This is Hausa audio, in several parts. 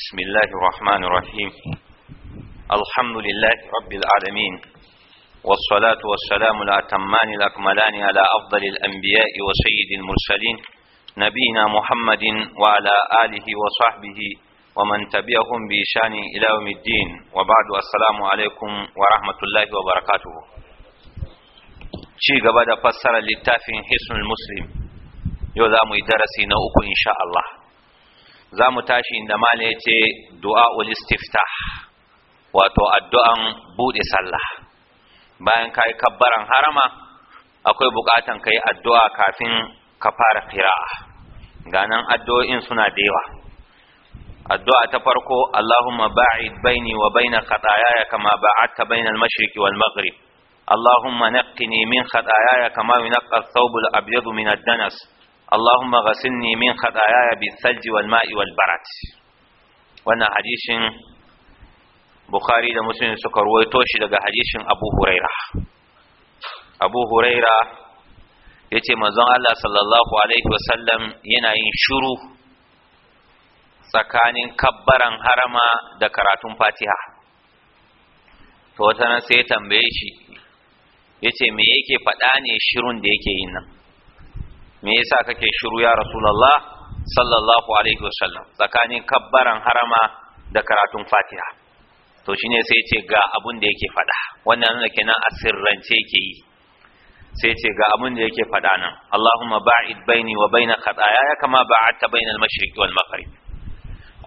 بسم الله الرحمن الرحيم الحمد لله رب العالمين والصلاة والسلام الأتمان الأكملان على أفضل الأنبياء وسيد المرسلين نبينا محمد وعلى آله وصحبه ومن تبعهم بإشان إلى يوم الدين وبعد السلام عليكم ورحمة الله وبركاته شيء قبل فسر للتافه حسن المسلم يوضع مدرسي نوك إن شاء الله za mu tashi inda mala ya ce du'a'ul istiftah wato addu'an buɗe sallah bayan ka yi kabbaran harama akwai buƙatan ka yi addu'a kafin ka fara qira'a ganan addu'o'in suna da yawa addu'a ta farko Allahumma ba'id baini wa baina khataayaya kama ba'adta baina al-mashriq wal maghrib Allahumma naqqini min khatayaya kama yunqqa ath-thawb al-abyad min ad-danas Allahumma ghasilni min khataaya bi thalji wal ma'i wal barat wannan hadisin Bukhari da Muslim suka ruwaito shi daga hadisin Abu Huraira Abu Huraira yace manzon Allah sallallahu alaihi wasallam yana yin shiru tsakanin kabbaran harama da karatun Fatiha to na sai ya tambaye shi yace me yake faɗa ne shirun da yake yin nan me yasa kake shiru ya rasulullah sallallahu alaihi wasallam tsakanin kabbaran harama da karatun fatiha to shine sai ce ga abun da yake fada wannan nuna kenan a sirrance yake yi sai ce ga abun da yake fada nan Allahumma ba'id baini wa baina khataaya kama ba'adta baina al-mashriq wal maghrib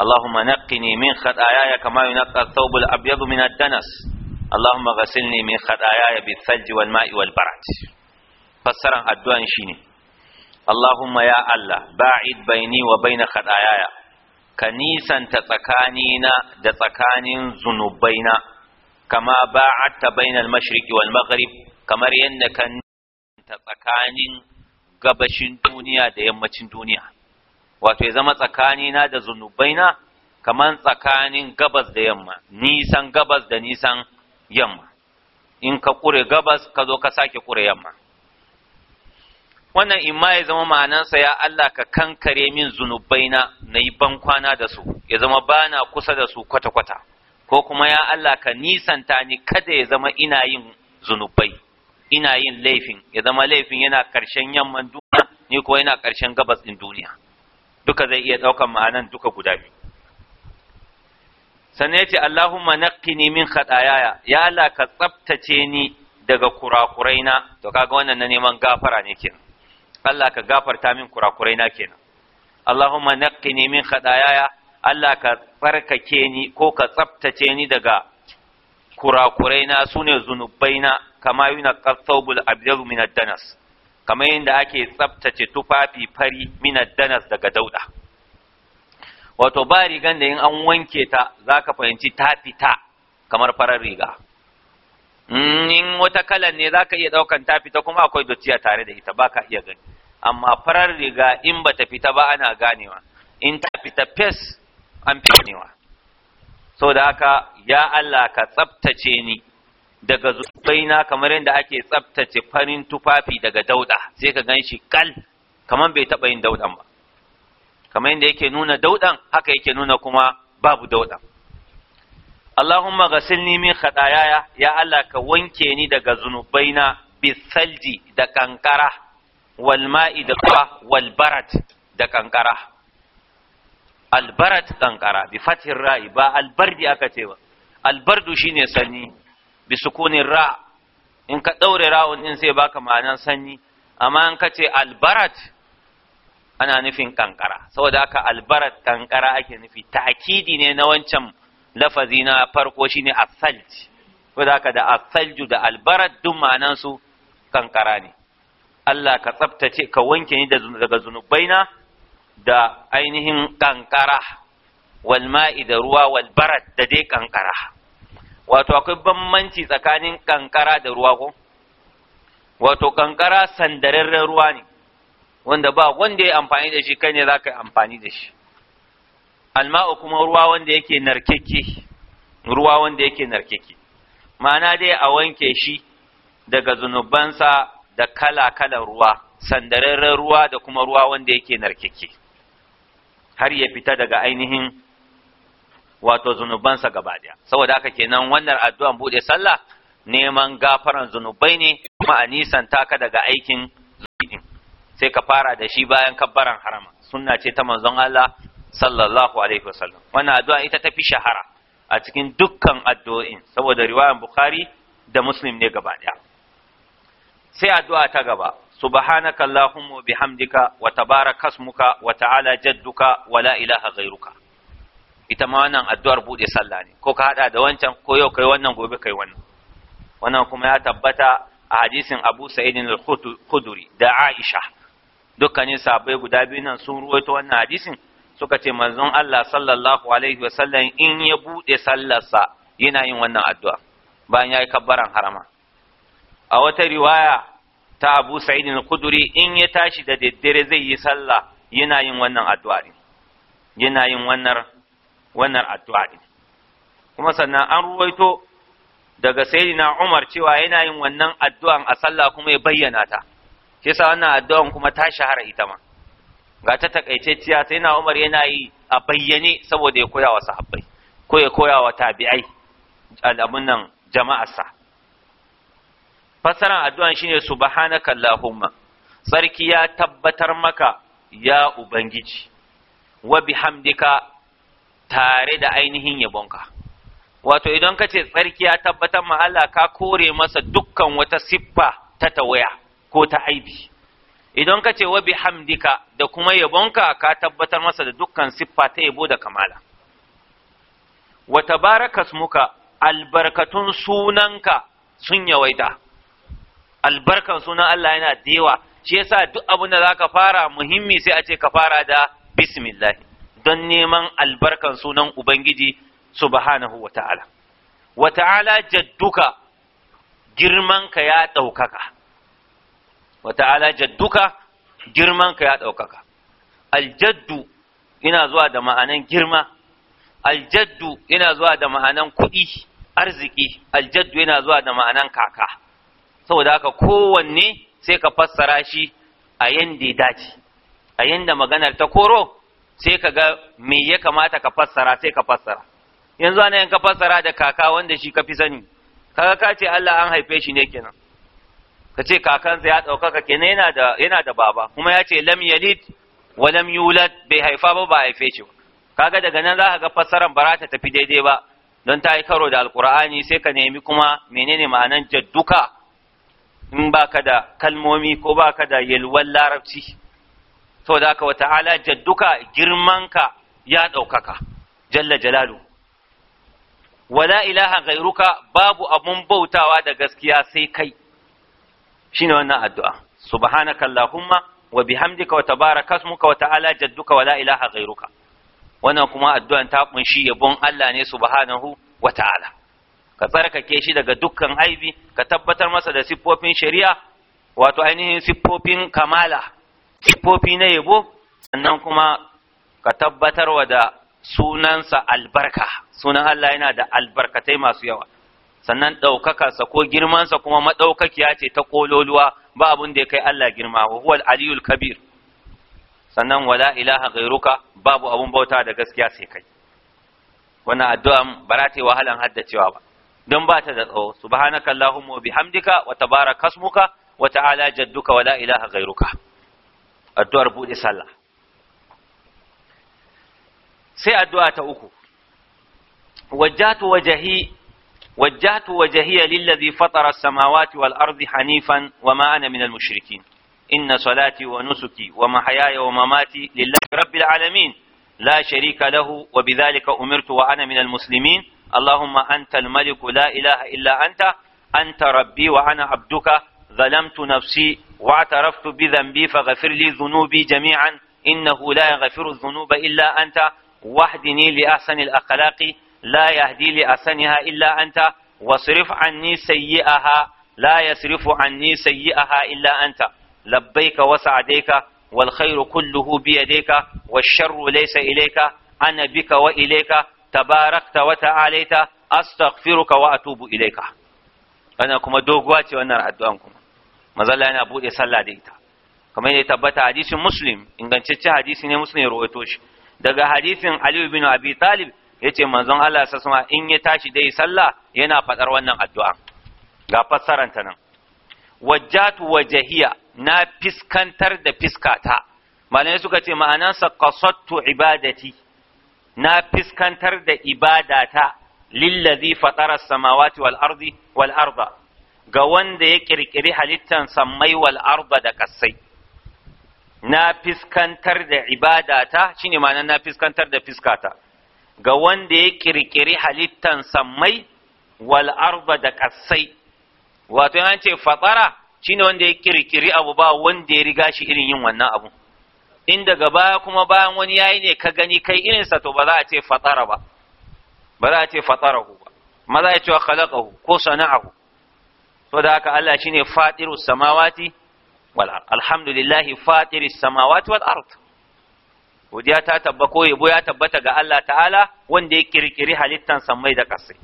Allahumma naqqini min khataaya kama yunqqa ath-thawb al-abyad min ad-danas Allahumma ghassilni min khataaya bil-thalj wal-ma'i wal-barad fassaran addu'an shine Allahumma ya Allah ba'id baini wa baina khataayaya ka nisanta tsakanina da tsakanin zunubaina kama ba'adta bainal mashriqi wal maghrib kamar yadda ka nisanta tsakanin gabashin duniya da yammacin duniya wato ya zama tsakanina da zunubaina kamar tsakanin gabas da yamma nisan gabas da nisan yamma in ka kure gabas ka zo ka sake kure yamma wannan imma ya zama ma'anansa ya Allah ka kankare min zunubaina na yi bankwana da su ya zama bana kusa da su kwata-kwata ko kuma ya Allah ka nisanta ni kada ya zama ina yin zunubai ina yin laifin ya zama laifin yana ƙarshen yamman duniya ni kuwa yana ƙarshen gabas ɗin duniya duka zai iya ɗaukar ma'anan duka guda biyu sannan ya ce Allahumma naqqini min khataayaya ya Allah ka tsaftace ni daga kurakuraina to kaga wannan na neman gafara ne kin Allah ka gafarta min kurakurai na kenan Allahumma naqqini min khataayaya Allah ka tsarkake ni ko ka tsaftace ni daga kurakurai na sune zunubai na kama yuna qathawbul abyad min ad-danas kamar yadda ake tsaftace tufafi fari min ad-danas daga dauda wato ba rigan da in an wanke ta zaka fahimci ta fita kamar farar riga Mm, in wata kalan ne zaka iya daukan ta fita kuma akwai dotti tare da ita baka iya gani amma farar riga in bata fita ba ana ganewa in ta fita fes an fi ganewa da haka ya Allah ka tsaftace ni daga zubaina kamar yadda ake tsaftace farin tufafi daga dauda sai ka gan shi kal kamar bai taba yin daudan ba kamar yadda yake nuna daudan haka yake nuna kuma babu daudan Allahumma ghasilni min khataaya ya Allah ka wanke ni daga zunubaina bisalji da kankara wal ma'i da wal barat da kankara al barat kankara bi fathir ra'i ba al bardi aka ce ba al bardu shine sanyi bi sukunin ra in ka daure rawun din sai baka ma'anan sanyi amma in ka ce al barat ana nufin kankara saboda haka al barat kankara ake nufi ta'kidi ne na wancan lafazi na farko shine Asalt. Ko wanda da as da albarad duk ma'anan su kankara ne Allah ka tsaftace ka wanke ni daga zunubaina da ainihin kankara wal da ruwa wal barad da dai kankara wato akwai bambanci tsakanin kankara da ruwa ko wato kankara sandararren ruwa ne wanda ba wanda ya amfani da shi kai ne za ka yi amfani da shi alma'u kuma ruwa wanda yake narkeke ruwa wanda yake narkeke ma'ana dai a wanke shi daga zunubansa da kala-kala ruwa sandararren ruwa da kuma ruwa wanda yake narkeke har ya fita daga ainihin wato zunubansa gaba ɗaya saboda haka kenan wannan addu'an buɗe sallah neman gafaran zunubai ne kuma a nisan taka daga aikin sai ka fara da shi bayan kabbaran harama sunna ce ta manzon Allah sallallahu alaihi wasallam wannan addu'a ita ta fi shahara a cikin dukkan addu'o'in saboda riwayan bukhari da muslim ne gaba daya sai addu'a ta gaba subhanaka allahumma bihamdika wa tabaraka wata wa ta'ala jadduka wa la ilaha ghairuka ita ma wannan addu'ar bude sallah ne ko ka hada da wancan ko yau kai wannan gobe kai wannan wannan kuma ya tabbata a hadisin Abu Sa'id al-Khudri da Aisha dukkanin sahabbai guda biyu nan sun ruwaito wannan hadisin suka ce manzon Allah sallallahu alaihi wasallam in ya bude sallarsa yana yin wannan addu'a bayan ya yi kabbaran harama a wata riwaya ta Abu Sa'id al-Khudri in ya tashi da daddare zai yi sallah yana yin wannan addu'a din yana yin wannan wannan addu'a din kuma sannan an ruwaito daga sayyidina Umar cewa yana yin wannan addu'an a sallah kuma ya bayyana ta Kisa wannan addu'an kuma ta shahara ita ma ga ta takaitacciya sai na Umar yana yi a bayyane saboda ya koya wa sahabbai ko ya koya wa tabi'ai al'amun nan jama'arsa fasaran addu'an shine subhanaka allahumma sarki ya tabbatar maka ya ubangiji wa bihamdika tare da ainihin yabonka wato idan ka ce tsarki ya tabbatar ma Allah ka kore masa dukkan wata siffa ta tawaya ko ta aibi idan ka ce wa bihamdika da kuma yabonka ka tabbatar masa da dukkan siffa ta yabo da kamala wa muka, albarkatun sunanka sun yawaita albarkan sunan Allah yana da yawa shi yasa duk abin da zaka fara muhimmi sai a ce ka fara da bismillah don neman albarkan sunan ubangiji subhanahu wataala wa ta'ala jadduka girman ka ya ɗaukaka wa ta'ala jadduka girman ka ya ɗaukaka aljaddu yana zuwa da ma'anan girma aljaddu yana zuwa da ma'anan kuɗi arziki aljaddu yana zuwa da ma'anan kaka saboda haka kowanne sai ka fassara shi a yanda ya dace a yanda maganar ta koro sai ka ga me ya kamata ka fassara sai ka fassara yanzu ana yin ka fassara da kaka wanda shi ka fi sani kaga ka ce Allah an haife shi ne kenan ka ce kakansa ya ɗaukaka kenan yana da baba kuma ya ce lam yalid wa lam yulad bai haifa ba ba haife shi ba kaga daga nan za ka ga fassarar ba ta tafi daidai ba don ta yi karo da alkur'ani sai ka nemi kuma menene ma'anan jadduka in ba ka da kalmomi ko ba ka da yalwan larabci to da ka wata'ala jadduka girmanka ya ɗaukaka jalla jalalu wala ilaha gairuka babu abun bautawa da gaskiya sai kai shine wannan addu'a subhanaka allahumma wa bihamdika wa tabaraka ismuka wa ta'ala jadduka wa la ilaha ghayruka wannan kuma addu'an ta kunshi yabon Allah ne subhanahu wa ta'ala ka tsarkake shi daga dukkan aibi ka tabbatar masa da siffofin shari'a wato ainihin siffofin kamala siffofi na yabo sannan kuma ka tabbatar wa da sunansa albarka sunan Allah yana da albarkatai masu yawa sannan ɗaukakarsa ko girmansa kuma maɗaukakiya ce ta kololuwa ba abin da ya kai Allah girma wa huwa aliyul kabir sannan wala ilaha ghairuka babu abun bauta da gaskiya sai kai wannan addu'a ba za ta yi wahalan haddacewa ba don ba ta da tsawo subhanaka allahumma bihamdika wa tabaraka ismuka wa ta'ala jadduka wala ilaha ghairuka addu'ar bude sallah sai addu'a ta uku wajjatu wajhi وجهت وجهي للذي فطر السماوات والأرض حنيفا وما أنا من المشركين إن صلاتي ونسكي ومحياي ومماتي لله رب العالمين لا شريك له وبذلك أمرت وأنا من المسلمين اللهم أنت الملك لا إله إلا أنت أنت ربي وأنا عبدك ظلمت نفسي واعترفت بذنبي فغفر لي ذنوبي جميعا إنه لا يغفر الذنوب إلا أنت واهدني لأحسن الأخلاق la yahdi li asaniha illa anta wasrif anni sayyi'aha la yasrifu anni sayyi'aha illa anta labbaika wa sa'daika wal khairu kulluhu bi yadayka wash sharru laysa ilayka ana bika wa ilayka tabarakta wa ta'alaita astaghfiruka wa atubu ilayka ana kuma doguwa ce wannan addu'an kuma mazalla yana bude sallah da ita kamar yadda tabbata hadisin muslim ingancacce hadisi ne muslim ya daga hadisin Aliyu bin abi talib yace manzon Allah sa sama in ya tashi dai sallah yana fadar wannan addu'a ga fassaranta nan wajjatu wajahiya na fiskantar da fiskata malamai suka ce ma'anansa qasattu ibadati na fiskantar da ibadata lillazi fatara samawati wal ardi wal arda ga wanda ya kirkiri halittan sammai wal arda da kasai na fiskantar da ibadata shine ma'anan na fiskantar da fiskata ga wanda ya kirkiri halittan sammai wal arba da kasai wato an ce shine wanda ya kirkiri abu ba wanda ya riga shi irin yin wannan abu in daga baya kuma bayan wani yayi ne ka gani kai irinsa to ba za a ce fatara ba ba za a ce fatarahu ba ma za a ce khalaqahu ko sana'ahu to da haka Allah shine fatirus samawati wal alhamdulillah fatiris samawati wal ard godiya ta tabba ko yabo ya tabbata ga Allah ta'ala wanda ya kirkiri halittan sammai da ƙasai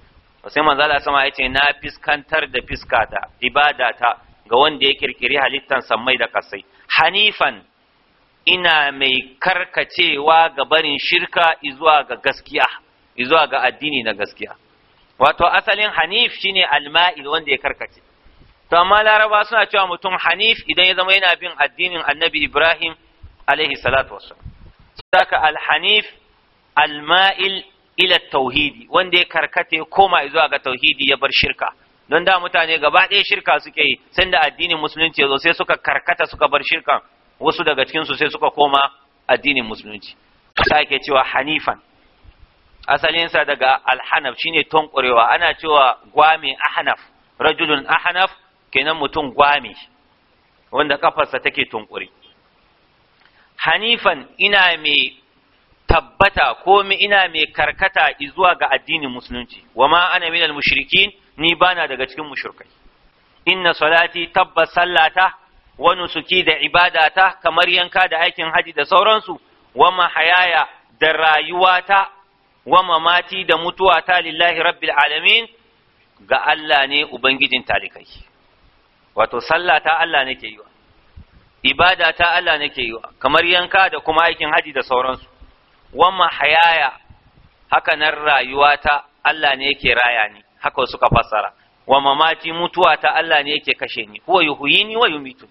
sai manzo Allah sama ya ce na fiskantar da fiskata ibadata ga wanda ya kirkiri halittan sammai da ƙasai hanifan ina mai karkacewa ga barin shirka izuwa ga gaskiya izuwa ga addini na gaskiya wato asalin hanif shine alma'il wanda ya karkace to amma laraba suna cewa mutum hanif idan ya zama yana bin addinin annabi ibrahim alaihi salatu wassalam saka alhanif alma'il ila tauhidi wanda ya karkata koma zuwa ga tauhidi ya bar shirka don da mutane gaba ɗaya shirka suke yi sun da addinin musulunci yazo sai suka karkata suka bar shirka, wasu daga cikin su sai suka koma addinin musulunci sake cewa hanifan asalinsa daga alhanaf shine tonkurewa ana cewa gwame ahnaf rajulun ahnaf kenan mutum gwame wanda kafarsa take tunkuri hanifan ina mai tabbata ko ina mai karkata zuwa ga addinin musulunci wa ma ana minal mushrikin ni bana daga cikin mushrikai inna salati tabbas sallata wa nusuki da ibadata kamar yanka da aikin haji da sauransu wa hayaya da rayuwata wa mati da mutuwata lillahi rabbil alamin ga Allah ne ubangijin talikai wato sallata Allah nake yi wa ibada ta Allah nake yi kamar yanka da kuma aikin haji da sauransu wamma hayaya haka nan rayuwata Allah ne yake raya ni haka suka fassara wa mamati mutuwa ta Allah ne yake kashe ni huwa yuhyini wa yumitu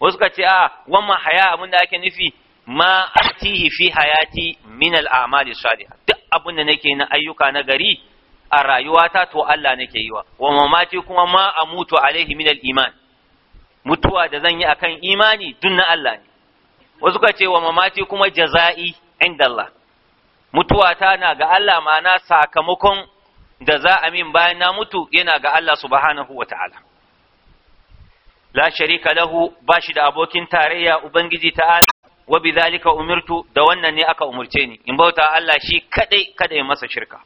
wasu ka ce a wamma haya abin ake nufi ma atihi fi hayati min amali salihah duk abin da nake na ayyuka na gari a rayuwata to Allah nake yi wa wa mamati kuma ma amutu alaihi min al-iman mutuwa da zan yi akan imani dun na Allah ne wasu ka ce wa mamati kuma jaza'i inda Allah mutuwa ta na ga Allah ma'ana sakamakon da za a min bayan na mutu yana ga Allah subhanahu wa ta'ala la sharika lahu ba shi da abokin tarayya ubangiji ta'ala wa zalika umirtu da wannan ne aka umurce ni in bauta Allah shi kadai kada masa shirka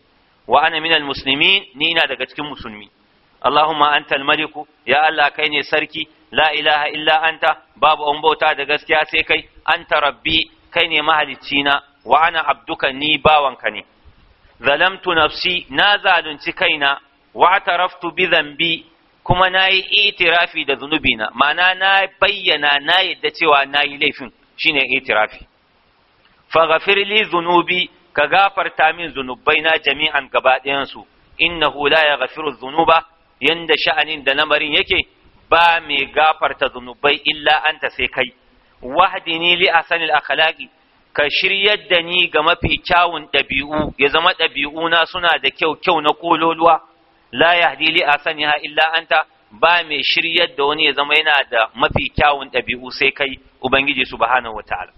wa ana minal musulmi ni ina daga cikin musulmi Allahumma antal maliku ya Allah kai ne sarki la ilaha illa anta babu an bauta da gaskiya sai kai anta rabbi kai ne mahalicci na wa ana abduka ni bawanka ne zalamtu nafsi na zalunci kaina wa taraftu bi dhanbi kuma nayi itirafi da zunubina ma'ana na bayyana na yadda cewa nayi laifin shine itirafi faghfir li dhunubi ka gafarta min zunubaina jami'an gaba ɗayansu innahu la yaghfiru dhunuba yanda sha'anin da barin yake ba mai gafarta zunubai illa ta sai kai wahdini li asanil akhlaqi ka shiryar da ni ga mafi kyawun ɗabi'u ya zama ɗabi'una suna da kyau kyau na kololuwa la yahdi li asaniha illa ta, ba mai shiryar da wani ya zama yana da mafi kyawun ɗabi'u sai kai ubangiji subhanahu wataala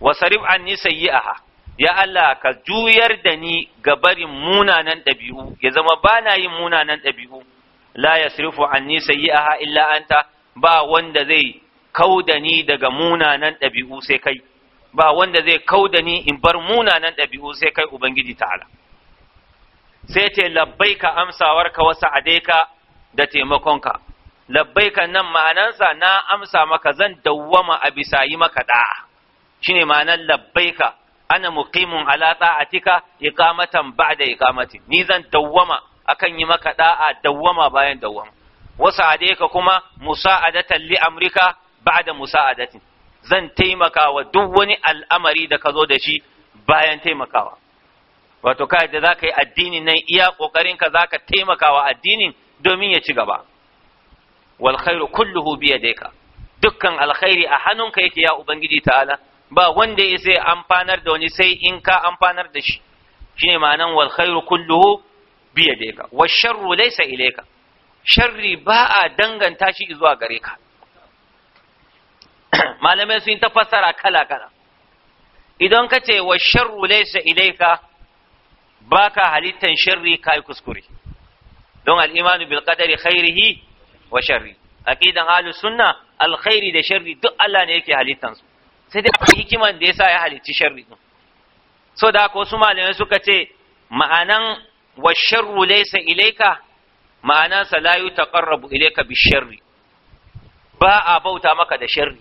wasarif anni sayyi'aha ya Allah ka juyar da ni ga barin munanan ɗabi'u ya zama ba na yin munanan ɗabi'u la yasrifu anni sayyi'aha illa anta ba wanda zai kauda ni daga munanan ɗabi'u sai kai ba wanda zai kauda ni in bar munanan ɗabi'u sai kai ubangiji ta'ala sai ce labbaika amsawarka wa sa'adaika da taimakonka labbaika nan ma'anansa na amsa maka zan dawwama a bisa yi maka da'a shine ma'anar labbaika ana muqimun ala ta'atika iqamatan ba'da iqamati ni zan dawwama akan yi maka da'a dawwama bayan dawwama wasu adeka kuma musa'adatan li ba da musa'adatin zan taimaka wa duk wani al'amari da ka zo da shi bayan taimakawa wato kai da zaka yi addini nan iya kokarin ka zaka taimakawa addinin domin ya ci gaba wal khairu kulluhu bi yadayka dukkan alkhairi a hannunka yake ya ubangiji ta'ala ba wanda ya sai amfanar da wani sai in ka amfanar da shi shine ma'anan wal khairu kulluhu biya da ka wa sharru laysa ilayka sharri ba a danganta shi zuwa gare ka malamai sun tafasara kala kala idan ka ce wa sharru laysa ilayka baka halittan sharri kai kuskure don al bilkadari bil qadari khairihi wa sharri aqidan ahlus sunna alkhairi da sharri duk Allah ne yake halittan su sai dai hikiman da yasa ya halicci sharri so da ko su malamai suka ce ma'anan wa sharru laysa ilayka ma'anansa la yutaqarrabu ilayka bi sharri ba a bauta maka da sharri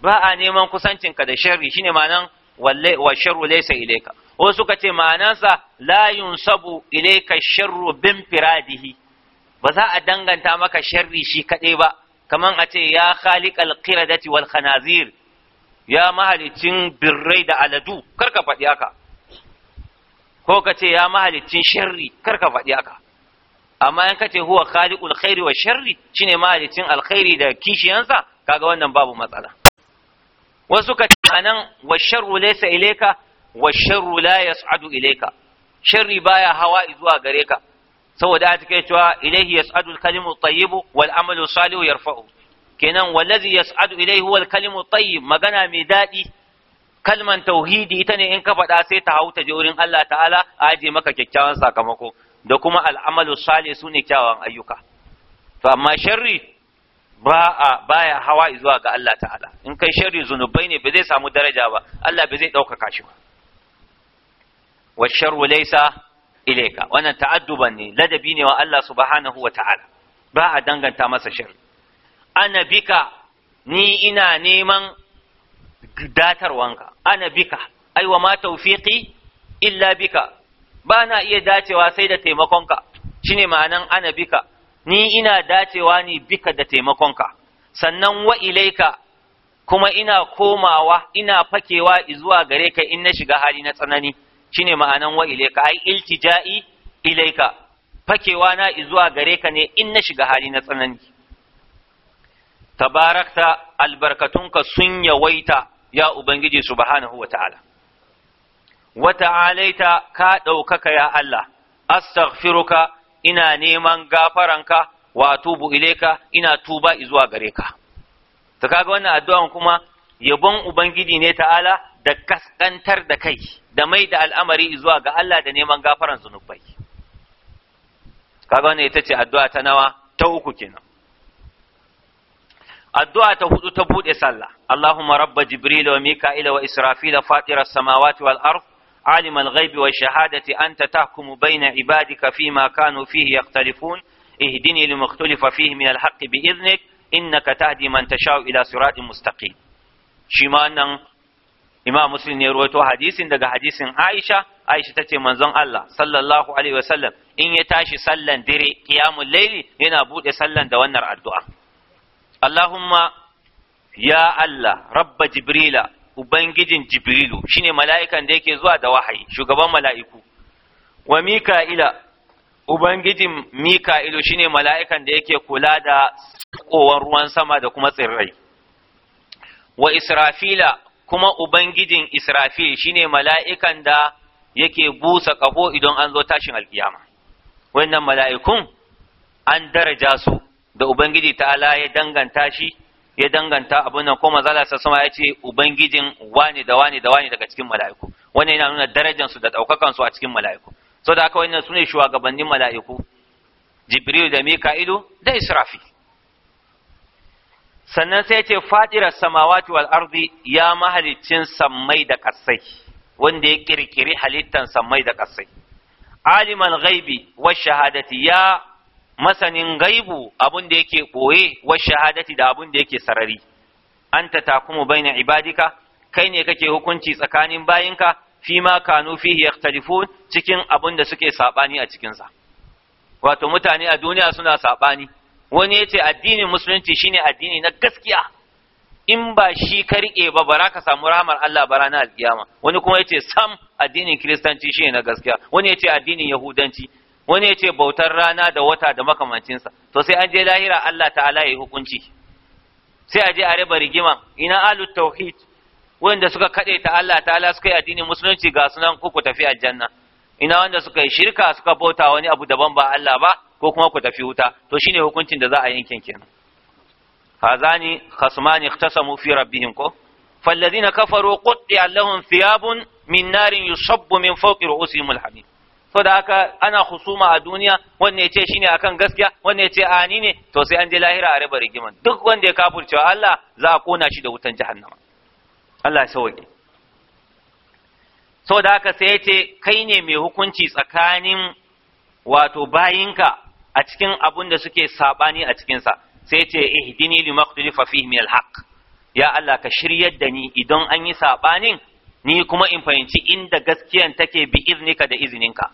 ba a neman kusancinka da sharri shine ma'anan wa sharru laysa ilayka wasu suka ce ma'anansa la yunsabu ilayka firadihi ba za a danganta maka sharri shi kaɗai ba Kamar a ce ya khaliqal qiradati wal khanazir ya mahalicin birrai da aladu "Kar ka faɗi haka ko ka ce ya mahalicin sharri kar ka faɗi aka amma in ka ce huwa khaliqul khairi wa sharri shine mahalicin alkhairi da kishiyansa kaga wannan babu matsala wasu ka ce anan wa sharru laysa ilayka wa sharru la yas'adu ilayka sharri baya hawa zuwa gare ka saboda a take cewa ilayhi yas'adu al-kalimu tayyibu wal amalu salihu yarfa'u kenan wallazi yas'adu ilayhi huwa al-kalimu tayyib magana mai dadi kalman tauhidi ita ne in ka faɗa sai ta hau ta je wurin Allah ta'ala a aje maka kyakkyawan sakamako da kuma al'amalu salih ne kyawawan ayyuka to amma sharri ba a baya hawa zuwa ga Allah ta'ala in kai sharri zunubai ne ba zai samu daraja ba Allah ba zai ɗaukaka shi ba wa sharru laysa ilayka wannan ta'adduban ne ladabi ne wa Allah subhanahu wa ta'ala ba a danganta masa sharri ana bika ni ina neman datarwanka ana bika Aiwa ma illa bika ba na iya dacewa sai da taimakonka shine ma'anan ana bika ni ina dacewa ne bika da taimakonka sannan wa ilaika kuma ina komawa ina fakewa zuwa gare ka in na shiga hali na tsanani shine ma'anan wa ilaika ai iltija'i ilaika fakewa na zuwa gare ka ne in na shiga hali na tsanani tabarakta albarkatunka sun yawaita ya ubangiji subhanahu wataala wata alaita ka ɗaukaka ya Allah astaghfiruka ina neman gafaranka wa tubu ileka ina tuba izuwa gare ka Ta kaga wannan addu'an kuma yabon ubangiji ne ta'ala da kaskantar da kai da mai da al'amari izuwa ga Allah da neman gafaran zunubai kaga wannan ita ce addu'a ta nawa ta uku kenan addu’a ta hudu ta buɗe sallah, Allahuma rabba Jibril wa Mika’ila wa Israfila fatirar samawati wal arf, alim al-ghaibi wa shahadati an ta tahkumu baina ibadi fi ma kanu fihi yaqtalifun ihdini li mukhtalifa fihi min al-haqq bi idhnik innaka tahdi man tasha'u ila siratin mustaqim shi ma nan imam muslim ne ruwaito hadisin daga hadisin aisha aisha tace manzon Allah sallallahu alaihi wasallam in ya tashi sallan dire qiyamul layli yana buɗe sallan da wannan addu'a Allahumma ya Allah rabba jibrila ubangijin jibrilu shine mala'ikan da yake zuwa da wahayi shugaban mala'iku wa mika'ila ubangijin mika'ilu shine mala'ikan da yake kula da kowar ruwan sama da kuma tsirrai wa israfila kuma ubangijin israfil shine mala'ikan da yake busa ƙaho idan an zo tashin alkiyama wannan mala'ikun an daraja su da ubangiji ta ta'ala ya danganta shi ya danganta abin nan kuma zala sa sama ya ce ubangijin wani da wani da wani daga cikin mala'iku wani yana nuna darajar su da ɗaukakansu a cikin mala'iku so da haka su ne shugabannin mala'iku jibril da mika'ilu da israfi sannan sai ya ce fadirar samawati wal ardi ya mahaliccin sammai da kasai wanda ya ƙirƙiri halittan samai da kasai aliman ghaibi wa shahadati ya masanin gaibu abun da yake koye wa shahadati da abun da yake sarari anta takumu baina ibadika kai ne kake hukunci tsakanin bayinka fi ma kanu fihi yakhtalifun cikin abun da suke sabani a cikin sa wato mutane a duniya suna sabani wani yace addinin musulunci shine addini na gaskiya in ba shi ka rike ba bara ka samu rahmar Allah bara na alkiyama wani kuma yace sam addinin kiristanci shine na gaskiya wani yace addinin yahudanci wani ya ce bautar rana da wata da makamancinsa to sai an je lahira Allah ta'ala ya yi hukunci sai a je a raba rigima ina alu tauhid wanda suka kade ta Allah ta'ala suka yi addinin musulunci ga sunan ku tafi aljanna ina wanda suka yi shirka suka bauta wani abu daban ba Allah ba ko kuma ku tafi wuta to shine hukuncin da za a yankin kenan hazani khasmani ikhtasamu fi rabbihim ko فالذين كفروا قطع لهم ثياب من نار يصب من فوق رؤوسهم الحميم so da haka ana husuma a duniya wanne ce shine akan gaskiya wanne ce ani ne to sai an je lahira a raba rigiman duk wanda ya cewa Allah za a kona shi da wutan jahannama Allah ya sauke so da haka sai ya ce kai ne mai hukunci tsakanin wato bayinka a cikin abun da suke sabani a cikinsa sai ya ce ihdini lima ikhtalafa fihi min alhaq ya Allah ka shiryar da ni idan an yi sabanin ni kuma in fahimci inda gaskiyan take bi iznika da izininka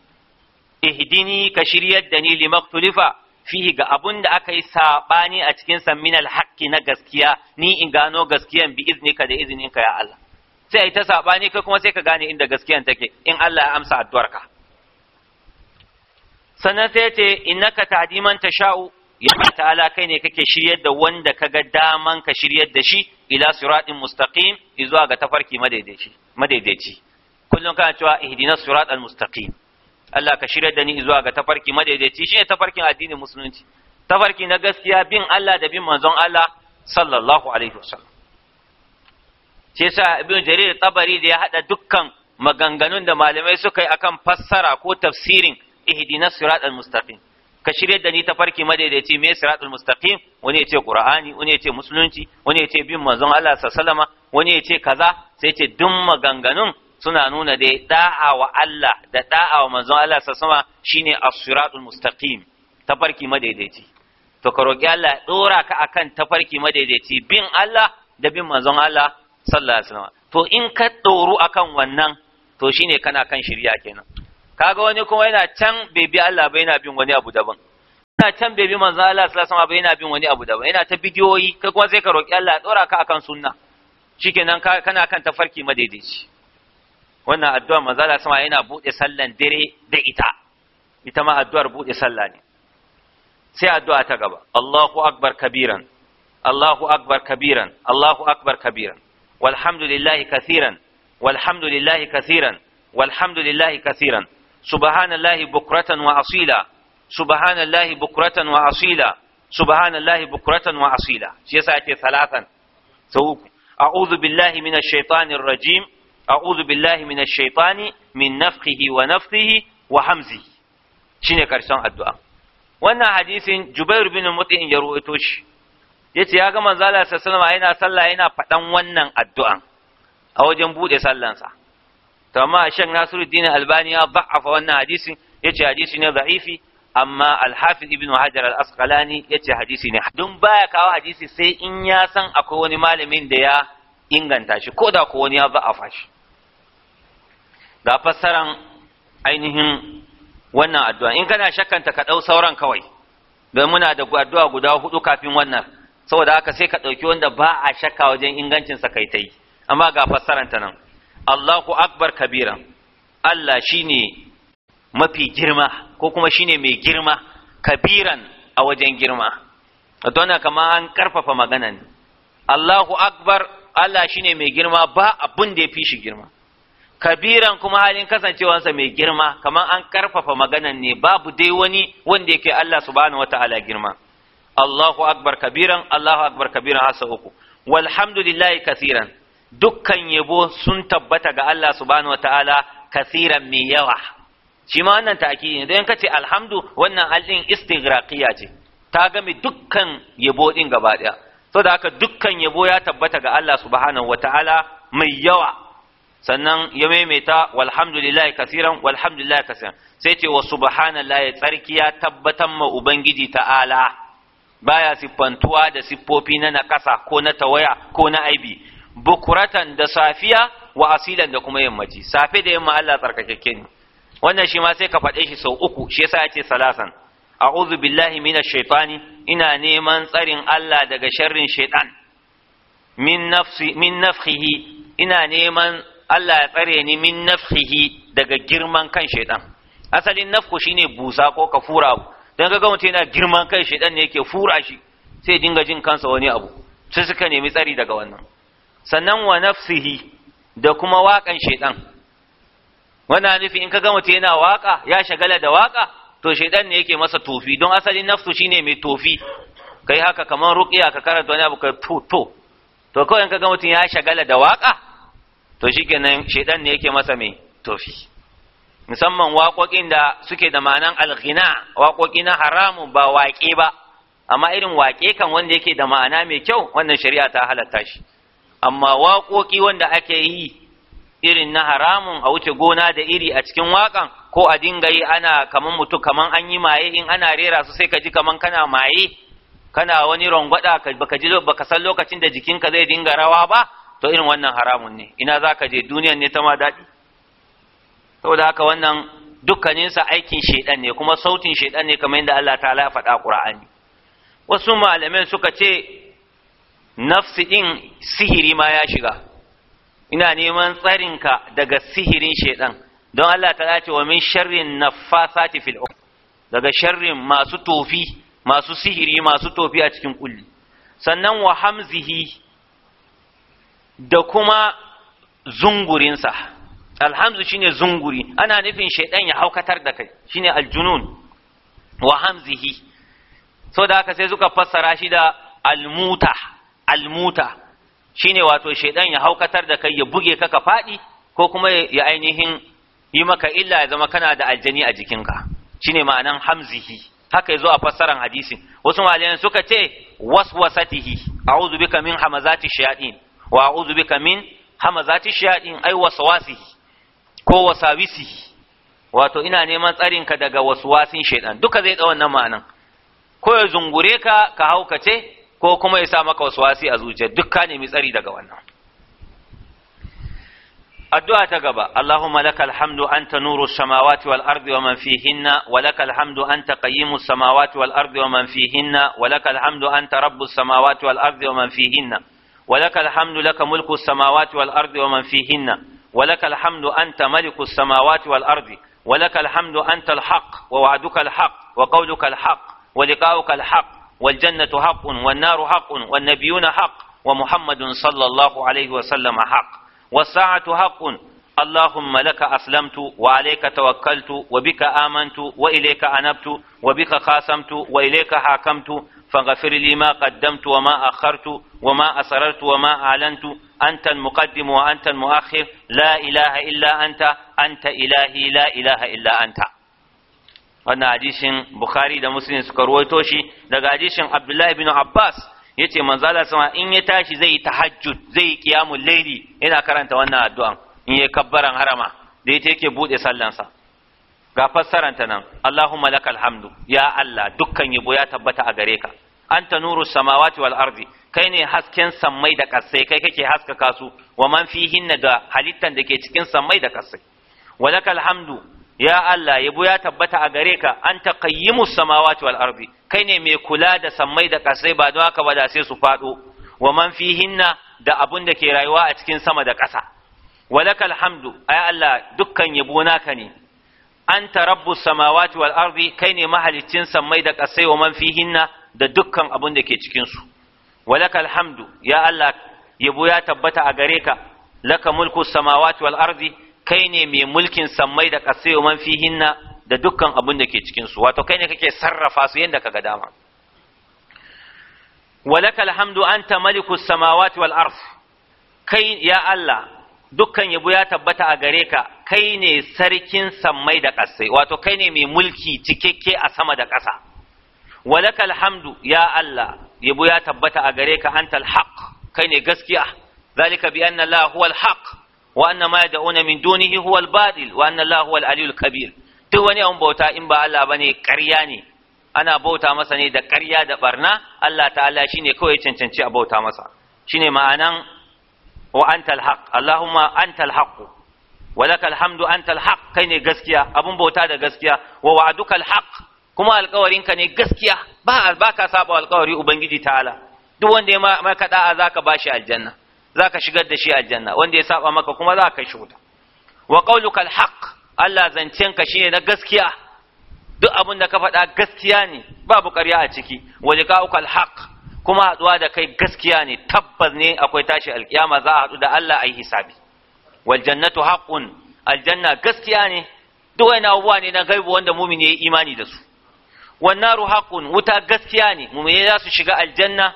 ihdini ka shiryar da ni limaktulifa fihi ga abun da aka yi sabani a cikin sa minal na gaskiya ni in gano gaskiyan bi iznika da izininka ya Allah sai ai ta saɓani kai kuma sai ka gane inda gaskiyan take in Allah ya amsa addu'arka sannan sai ce innaka tahdiman sha'u, ya ta'ala kai ne kake shiryar da wanda ka ga daman ka shiryar da shi ila siratin mustaqim zuwa ga tafarki madaidaici madaidaici kullum kana cewa ihdinas siratal mustaqim Allah ka shirya da ni zuwa ga tafarki madaidaici shine tafarkin addinin musulunci tafarki na gaskiya bin Allah da bin manzon Allah sallallahu alaihi wasallam shi yasa ibn jarir tabari da ya hada dukkan maganganun da malamai suka yi akan fassara ko tafsirin ihdinas siratal mustaqim ka shirya da ni tafarki madaidaici me siratul mustaqim wani yace qur'ani wani yace musulunci wani yace bin manzon Allah sallallahu alaihi wasallama wani yace kaza sai yace dun maganganun suna nuna dai da'a wa Allah da da'a wa manzon Allah sa sama shine as-siratul mustaqim tafarki madaidaici to ka roki Allah dora ka akan tafarki madaidaici bin Allah da bin manzon Allah sallallahu alaihi wasallam to in ka doru akan wannan to shine kana kan shirya kenan kaga wani kuma yana can bai bi Allah ba yana bin wani abu daban yana can bai bi manzon Allah sallallahu alaihi wasallam ba yana bin wani abu daban yana ta bidiyoyi kai kuma sai ka roki Allah dora ka akan sunna shikenan kana kan tafarki madaidaici wannan addu'ar manzo Allah sama yana bude sallan dire da ita ita ma addu'ar bude salla ne sai addu'a ta gaba Allahu akbar kabiran Allahu akbar kabiran Allahu akbar kabiran walhamdulillahi kaseeran walhamdulillahi kaseeran walhamdulillahi kaseeran subhanallahi bukratan wa asila subhanallahi bukratan wa asila subhanallahi bukratan wa asila shi yasa ake salatan sau uku a'udhu billahi minash shaitanir rajim a'udhu billahi shaitani min nafkhihi wa nafthihi wa hamzihi shine karshen addu'a wannan hadisin Jubairu bin shi yace ya ga manzo Allah sallallahu alaihi yana sallah yana fadan wannan addu'an a wajen bude sallansa to amma Sheikh Nasiruddin Albani ya da'afa wannan hadisin yace hadisi ne za'ifi amma Al-Hafiz Ibn Hajar Al-Asqalani yace hadisi ne dun baya kawo hadisi sai in ya san akwai wani malamin da ya inganta shi ko da ko wani ya da'afa shi ga fassaran ainihin wannan addu'a in kana shakkanta ka ɗau sauran kawai don muna da addu'a guda hudu kafin wannan saboda haka sai ka ɗauki wanda ba a shakka wajen ingancinsa kai ta yi amma ga fassaranta nan Allahu akbar kabiran Allah shine mafi girma ko kuma shine mai girma kabiran a wajen girma wato na kama an karfafa magana ne Allahu akbar Allah shine mai girma ba abin da ya fi shi girma kabiran kuma halin kasancewansa mai girma kamar an karfafa maganan ne babu dai wani wanda yake Allah subhanahu wataala girma Allahu akbar kabiran Allahu akbar kabiran hasa uku walhamdulillahi kasiran dukkan yabo sun tabbata ga Allah subhanahu wataala kasiran mai yawa shi ma wannan ta'kidi ne don kace alhamdu wannan allin istighraqiya ce ta gami dukkan yabo din gaba daya saboda haka dukkan yabo ya tabbata ga Allah subhanahu wataala mai yawa sannan ya maimaita walhamdulillahi kasiran walhamdulillahi kasiran sai ce wa subhanallahi tsarkiya tabbatan ma ubangiji ta'ala baya siffantuwa da siffofi na nakasa ko na tawaya ko na aibi bukuratan da safiya wa asilan da kuma yammaci safe da yamma Allah tsarkakakke ne wannan shi ma sai ka faɗe shi sau uku shi yasa yace salasan a'udhu billahi minash shaitani ina neman tsarin Allah daga sharrin shaitan min nafsi min nafhihi ina neman Allah ya tsare ni min nafsihi daga girman kan shaitan asalin nafku shine busa ko ka fura abu dan kaga mutum yana girman kan shaitan ne yake fura shi sai dinga jin kansa wani abu sai suka nemi tsari daga wannan sannan wa nafsihi da kuma waƙan shaitan wannan nufi in kaga mutum yana waƙa ya shagala da waƙa to shaitan ne yake masa tofi don asalin nafsu shine mai tofi kai haka kamar ruqiya ka karanta wani abu ka to to to kawai in kaga mutum ya shagala da waƙa to kenan shaidan ne yake masa mai tofi musamman waƙoƙin da suke da ma'anan alghina waƙoƙi na haramu ba waƙe ba amma irin waƙe kan wanda yake da ma'ana mai kyau wannan shari'a ta halatta shi amma waƙoƙi wanda ake yi irin na haramun a wuce gona da iri a cikin waƙan ko a dinga yi ana kaman mutu kaman an yi maye in ana rera su sai ka ji kaman kana maye kana wani rangwada baka ji baka san lokacin da jikinka zai dinga rawa ba to irin wannan haramun ne ina za ka je duniyan ne ta ma daɗi saboda haka wannan dukkaninsa aikin shaidan ne kuma sautin shaidan ne kamar yadda Allah ta ya faɗa Qur'ani wasu malamai suka ce nafsi din sihiri ma ya shiga ina neman tsarinka daga sihirin shaidan don Allah ta ce wa min sharrin nafasati fil daga sharrin masu tofi masu sihiri masu tofi a cikin kulli sannan wa hamzihi da kuma zungurinsa alhamzu shine zunguri ana nufin shaidan ya haukatar da kai shine aljunun wa hamzihi so da haka sai suka fassara shi da almuta almuta shine wato shaidan ya haukatar da kai ya buge ka ka faɗi ko kuma ya ainihin yi maka illa ya zama kana da aljani a jikinka shine ma'anan hamzihi haka yazo a fassaran hadisin wasu malayan suka ce waswasatihi a'udhu bika min hamazati shayatin wa a'udhu bika min hamazati shayatin ai waswasihi ko wasawisihi wato ina neman tsarinka daga waswasin shaidan duka zai tsawon nan ma'anan ko ya zungure ka ka haukace ko kuma ya sa maka wasi a zuciya duk ka nemi tsari daga wannan addu'a ta gaba Allahumma lakal hamdu anta nuru samawati wal ardi wa man fihinna wa lakal hamdu anta qayyimu samawati wal ardi wa man fihinna wa lakal hamdu anta rabbus samawati wal ardi wa man fihinna ولك الحمد لك ملك السماوات والأرض ومن فيهن ولك الحمد أنت ملك السماوات والأرض ولك الحمد أنت الحق ووعدك الحق وقولك الحق ولقاؤك الحق والجنة حق والنار حق والنبيون حق ومحمد صلى الله عليه وسلم حق والساعة حق اللهم لك أسلمت وعليك توكلت وبك آمنت وإليك أنبت وبك خاصمت وإليك حاكمت فغفر لي ما قدمت وما أخرت وما أسررت وما أعلنت أنت المقدم وأنت المؤخر لا إله إلا أنت أنت إلهي لا إله إلا أنت وانا عديث بخاري دا مسلم سكر ويتوشي دا عديث عبد الله بن عباس يتي منزالة سما إن يتاشي زي تحجد زي قيام الليل إنا كرانت وانا أدوان in yi kabbaran harama da ita yake buɗe sallansa ga ta nan Allahumma lakal hamdu ya Allah dukkan yabo ya tabbata a gare ka anta nuru samawati wal ardi kai ne hasken sammai da kasai kai kake haskaka su wa man fihinna da halittan da ke cikin sammai da kasai wa lakal hamdu ya Allah yabo ya tabbata a gare ka anta qayyimu samawati wal ardi kai ne mai kula da sammai da kasai ba don haka ba da sai su fado wa man fihinna da abun da ke rayuwa a cikin sama da ƙasa walakal hamdu ay Allah dukkan yabo naka ne anta rabbus samawati wal ardi kai ne mahalicin sammai da kasai wa man fihinna da dukkan abun da ke cikin su walakal ya Allah yabo ya tabbata a gare ka laka mulku samawati wal ardi kai ne mai mulkin sammai da kasai wa man fihinna da dukkan abun da ke cikin wato kai ne kake sarrafa su yanda kaga dama walakal hamdu anta malikus samawati wal ardi kai ya Allah dukkan yabo ya tabbata a gare ka kai ne sarkin sammai da ƙasai wato kai ne mai mulki cikakke a sama da ƙasa walakal hamdu ya Allah yabo ya tabbata a gare ka antal haq kai ne gaskiya zalika bi anna Allah huwal haq wa anna ma yad'una min dunihi huwal batil wa anna Allah huwal aliyul kabir duk wani an bauta in ba Allah bane ƙarya ne ana bauta masa ne da ƙarya da barna Allah ta'ala shine kawai cancanci a bauta masa shine ma'anan wa antal haq Allahumma antal haq wa hamdu antal haq kai ne gaskiya abun bauta da gaskiya wa wa'adukal haq. kuma ka ne gaskiya ba ka saba alkawari ubangiji ta'ala duk wanda ya maka da'a zaka bashi aljanna zaka shigar da shi aljanna wanda ya saba maka kuma za ka shuta wa qawlukal haq, Allah zancenka shine na gaskiya duk abun da ka faɗa gaskiya ne babu ƙarya a ciki wa liqa'ukal haq. kuma haɗuwa da kai gaskiya ne tabbas ne akwai tashi alƙiyama, za a haɗu da Allah a yi hisabi wal jannatu haqqun aljanna gaskiya ne duk wani abubuwa ne na gaibu wanda mumin ya imani da su wan naru haqqun wuta gaskiya ne mumini za su shiga aljanna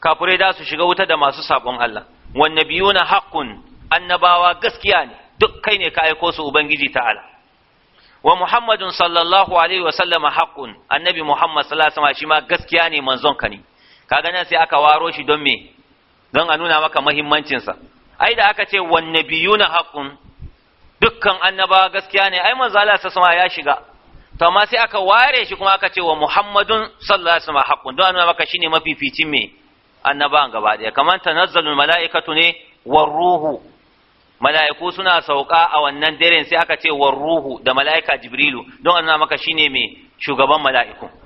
kafirai za su shiga wuta da masu sabon Allah wan nabiyuna haqqun annabawa gaskiya ne duk kai ne ka aiko su ubangiji ta'ala wa muhammadun sallallahu alaihi wa sallama haqqun annabi muhammad sallallahu alaihi wa sallama shi ma gaskiya ne manzon ka ne Ka nan sai aka waro shi don me don a nuna maka mahimmancinsa ai da aka ce wan na haqqun dukkan annaba gaskiya ne ai manzo Allah sama ya shiga to amma sai aka ware shi kuma aka ce wa Muhammadun sallallahu alaihi wasallam haqqun don a nuna maka shine mafificin me annaban gaba daya kamar tanazzalul mala'ikatu ne war ruhu mala'iku suna sauka a wannan daren sai aka ce war ruhu da mala'ika jibrilu don a nuna maka shine me shugaban mala'iku.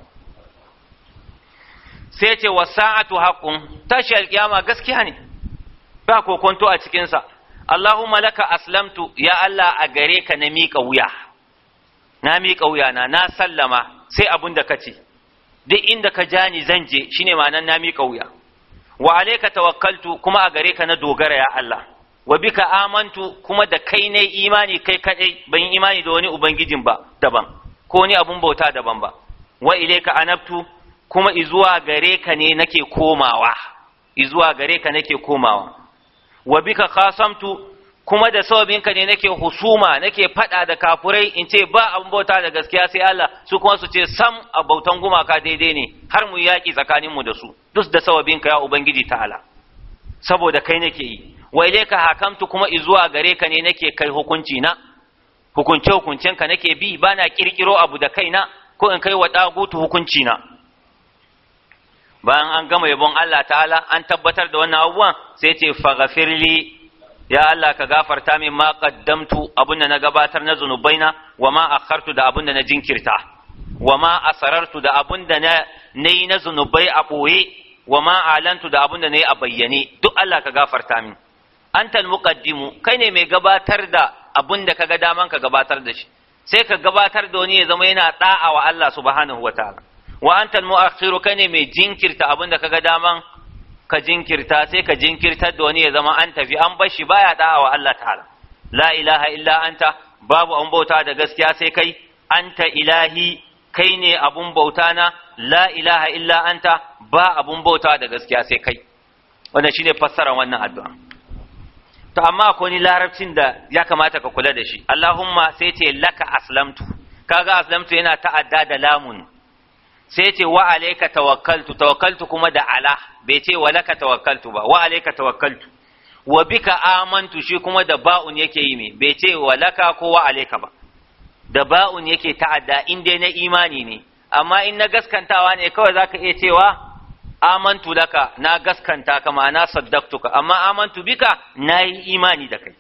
sai ce wa sa'atu haqqun tashi alqiyama gaskiya ne ba kokonto a cikin sa Allahumma laka aslamtu ya Allah a gare ka na miƙa wuya na miƙa wuya na na sallama sai abun da kace duk inda ka ja ni zan je shine ma'anan na miƙa wuya wa alayka tawakkaltu kuma a gare ka na dogara ya Allah wa bika amantu kuma da kai ne imani kai kadai ban imani da wani ubangijin ba daban ko ni abun bauta daban ba wa ilayka anabtu kuma izuwa gare ka ne nake komawa izuwa gare ka nake komawa wa bika khasamtu kuma da ka ne nake husuma nake fada da kafurai in ce ba abin bauta da gaskiya sai Allah su kuma su ce sam a bautan gumaka daidai ne har mu yaki tsakanin mu da su duk da ka ya ubangiji ta'ala saboda kai nake yi wa ilaika hakamtu kuma izuwa gare ka ne nake kai hukunci na hukunce hukuncenka nake bi bana kirkiro abu da kaina ko in kai wa dagutu hukunci na bayan an gama yabon Allah ta'ala an tabbatar da wannan abubuwan sai ce faghfirli ya Allah ka gafarta min ma qaddamtu abunda na gabatar na zunubaina wa ma akhartu da abunda na jinkirta wa ma asarartu da abunda na nayi na zunubai a boye wa ma alantu da abunda nayi a bayyane duk Allah ka gafarta min antal muqaddimu kai ne mai gabatar da abunda kaga daman ka gabatar da shi sai ka gabatar da wani ya zama yana da'awa wa Allah subhanahu wataala wa antal mu'akhiru kane mai jinkirta abinda kaga daman ka jinkirta sai ka jinkirtar da wani ya zama an tafi an bar shi baya da'a wa Allah ta'ala la ilaha illa anta babu an bauta da gaskiya sai kai anta ilahi kai ne abun bauta na la ilaha illa anta ba abun bauta da gaskiya sai kai wannan shine fassara wannan addu'a to amma akwai ni larabcin da ya kamata ka kula da shi Allahumma sai ce laka aslamtu kaga aslamtu yana ta'adda da lamun sai ce wa alayka tawakkaltu tawakkaltu kuma da ala bai ce wa laka tawakkaltu ba wa alayka tawakkaltu wa bika amantu shi kuma da ba'un yake yi me bai ce wa laka ko wa alayka ba da ba'un yake ta'adda in dai na imani ne amma in na gaskantawa ne kawai zaka iya cewa amantu laka na gaskanta ka ma'ana saddaktuka amma amantu bika na yi imani da kai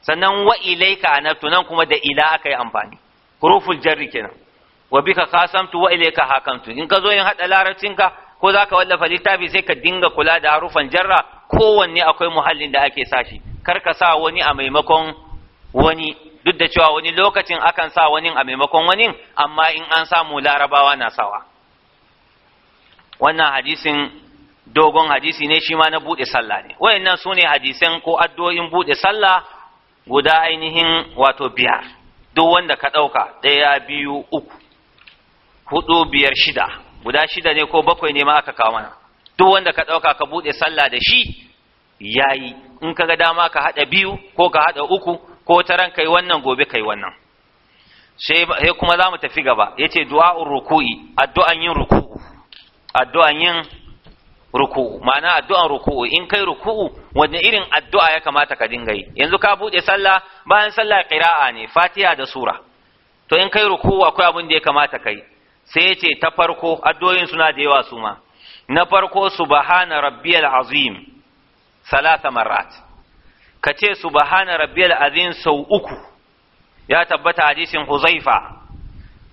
sannan wa ilaika anabtu nan kuma da ila aka yi amfani huruful jarri kenan wa bika qasamtu wa ilayka hakamtu in ka zo yin hada larabcinka ko zaka wallafa littafi sai ka dinga kula da harufan jarra kowanne akwai muhallin da ake sashi kar ka sa wani a maimakon wani duk da cewa wani lokacin akan sa wani a maimakon wani amma in an samu larabawa na sawa wannan hadisin dogon hadisi ne shi ma na buɗe sallah ne wayannan su ne hadisan ko addu'o'in buɗe sallah guda ainihin wato biyar duk wanda ka ɗauka ɗaya biyu uku hudu biyar shida guda shida ne ko bakwai ne ma aka kawo mana duk wanda ka ɗauka ka buɗe sallah da shi yayi in ka ga dama ka haɗa biyu ko ka haɗa uku ko taran kai wannan gobe kai wannan sai kuma za mu tafi gaba ya ce du'a'un ruku'i addu'an yin ruku'u addu'an yin ruku'u ma'ana addu'an ruku'u in kai ruku'u wanne irin addu'a ya kamata ka dinga yi yanzu ka buɗe sallah bayan sallah qira'a ne fatiha da sura to in kai ruku'u akwai abin da ya kamata kai sai ya ce ta farko addu'o'in suna da yawa su ma na farko subhana rabbiyal azim salasa marat ka ce subhana rabbiyal azim sau uku ya tabbata hadisin huzaifa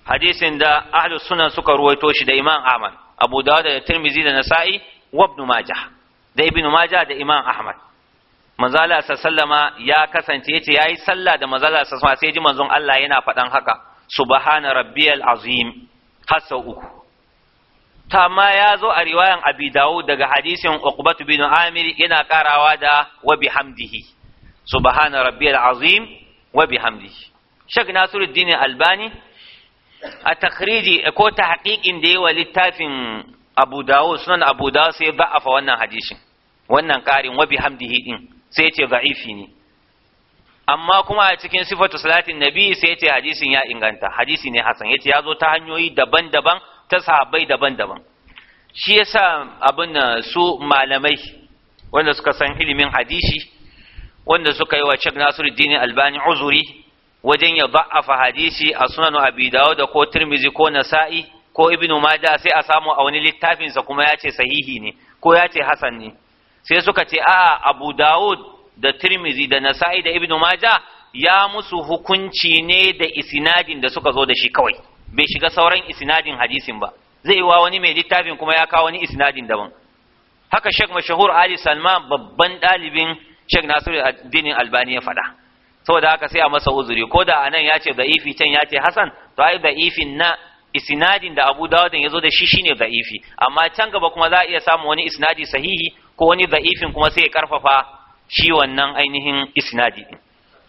hadisin da ahlus sunan suka ruwaito shi da imam ahmad abu dawud da tirmizi da nasa'i wa ibn majah da ibn majah da imam ahmad manzala sallama ya kasance yace yayi sallah da manzala sallama sai ji manzon Allah yana faɗan haka subhana rabbiyal azim har sau uku ta ma ya zo a riwayan abi dawud daga hadisin uqbatu bin amir yana karawa da wa bihamdihi subhana rabbiyal azim wa bihamdihi shek nasiruddin albani a takhriji ko tahqiqin da yawa littafin abu dawud sunan abu dawud sai da'afa wannan hadisin wannan karin wa bihamdihi din sai ya ce za'ifi ne amma kuma a cikin sifatu salatin nabi sai yace hadisin ya inganta hadisi ne hasan yace ya zo ta hanyoyi daban-daban ta sahabbai daban-daban shi yasa abin su malamai wanda suka san ilimin hadisi wanda suka yi wa Sheikh Nasiruddin Albani uzuri wajen ya ba'afa hadisi a sunan Abi Dawud ko Tirmizi ko Nasa'i ko Ibn Majah sai a samu a wani littafin sa kuma yace sahihi ne ko yace hasan ne sai suka ce a'a Abu Dawud da Tirmizi da Nasa'i da Ibn Majah ya musu hukunci ne da isinadin da suka zo da shi kawai bai shiga sauran isinadin hadisin ba zai wa wani mai littafin kuma ya kawo wani isinadin daban haka Sheikh Mashahur Ali Salman babban ɗalibin Sheikh addinin Albani ya faɗa saboda haka sai a masa uzuri ko da anan ya ce da'ifi can ya ce Hasan to ai da'ifin na isnadin da Abu Dawud ya zo da shi shine da'ifi amma can gaba kuma za a iya samun wani isnadi sahihi ko wani da'ifin kuma sai ya karfafa shi wannan ainihin isnadi din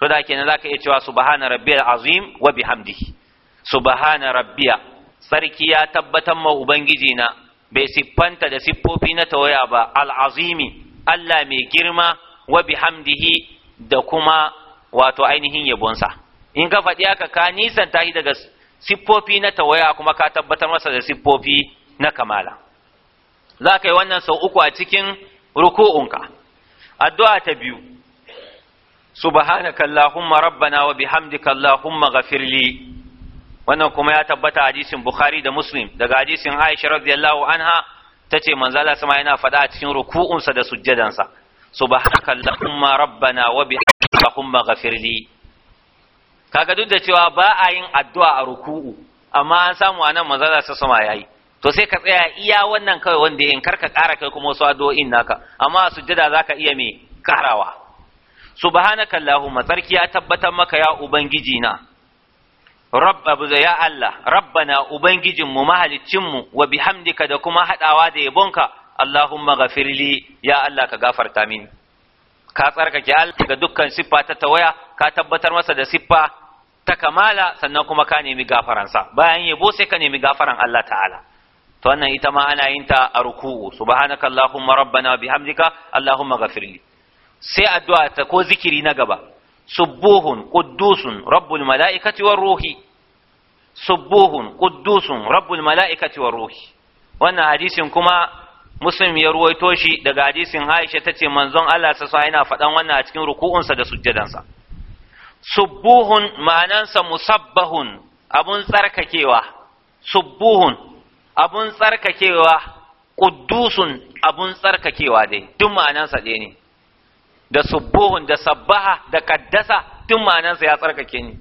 to da kenan zaka iya cewa subhana rabbiyal azim wa bihamdihi subhana rabbiya sarki ya tabbatar ma ubangiji na bai siffanta da siffofi na tawaya ba al-azimi Allah mai girma wa bihamdihi da kuma wato ainihin yabonsa in ka faɗi aka ka nisan shi daga siffofi na tawaya kuma ka tabbatar masa da siffofi na kamala za ka yi wannan sau uku a cikin ruku'unka addu'a ta biyu subhanaka allahumma rabbana wa bihamdika allahumma ghafir li wannan kuma ya tabbata hadisin bukhari da muslim daga hadisin aisha radiyallahu anha tace manzo Allah sama yana faɗa a cikin ruku'unsa da sujjadansa subhanaka allahumma rabbana wa bihamdika allahumma ghafir li kaga duk da cewa ba a yin addu'a a ruku'u amma an samu anan manzo Allah sama yayi to sai ka tsaya iya wannan kawai wanda in karka ƙara kai kuma wasu addu'o'in naka amma a sujjada ka iya mai karawa subhanaka allahumma tsarki ya tabbatar maka ya ubangiji na rabba ya allah rabbana ubangijin mu mahaliccin mu wa bihamdika da kuma hadawa da yabonka allahumma ghafirli ya allah ka gafarta mini ka tsarkake allah daga dukkan siffa ta tawaya ka tabbatar masa da siffa ta kamala sannan kuma ka nemi gafaransa bayan yabo sai ka nemi gafaran Allah ta'ala to wannan ita ma ana yin ta a ruku'u subhanaka allahumma rabbana bihamdika allahumma ghafirli sai addu'a ta ko zikiri na gaba subuhun quddusun rabbul ruhi subuhun ƙuddusun, rabbul malaikati war ruhi wannan hadisin kuma muslim ya ruwaito shi daga hadisin aisha ta ce manzon Allah sa yana faɗan wannan a cikin ruku'unsa da sujjadansa subuhun ma'anansa musabbahun abun tsarkakewa subuhun abun tsarkakewa ƙuddusun abun tsarkakewa dai duk ma'anansa ɗaya ne da subuhun da sabbaha da kaddasa tun ma'anansa ya tsarkake ni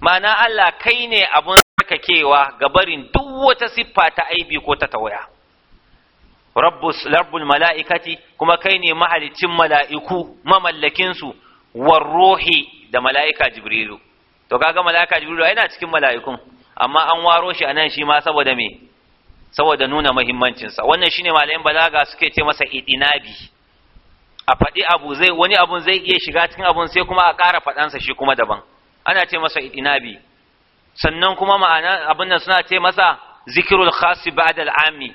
ma'ana Allah kai ne abun tsarkakewa ga barin duk wata siffa ta aibi ko ta tawaya rabbus rabbul mala'ikati kuma kai ne mahalicin mala'iku mamallakin su war da mala'ika jibrilu to kaga mala'ika jibrilu yana cikin mala'ikun amma an waro shi anan shi ma saboda me saboda nuna muhimmancinsa wannan shine malamin balaga suke ce masa idinabi a faɗi abu zai wani abun zai iya shiga cikin abun sai kuma a ƙara faɗansa shi kuma daban ana ce masa idinabi sannan kuma ma'ana abin nan suna ce masa zikirul khasi ba'da al'ami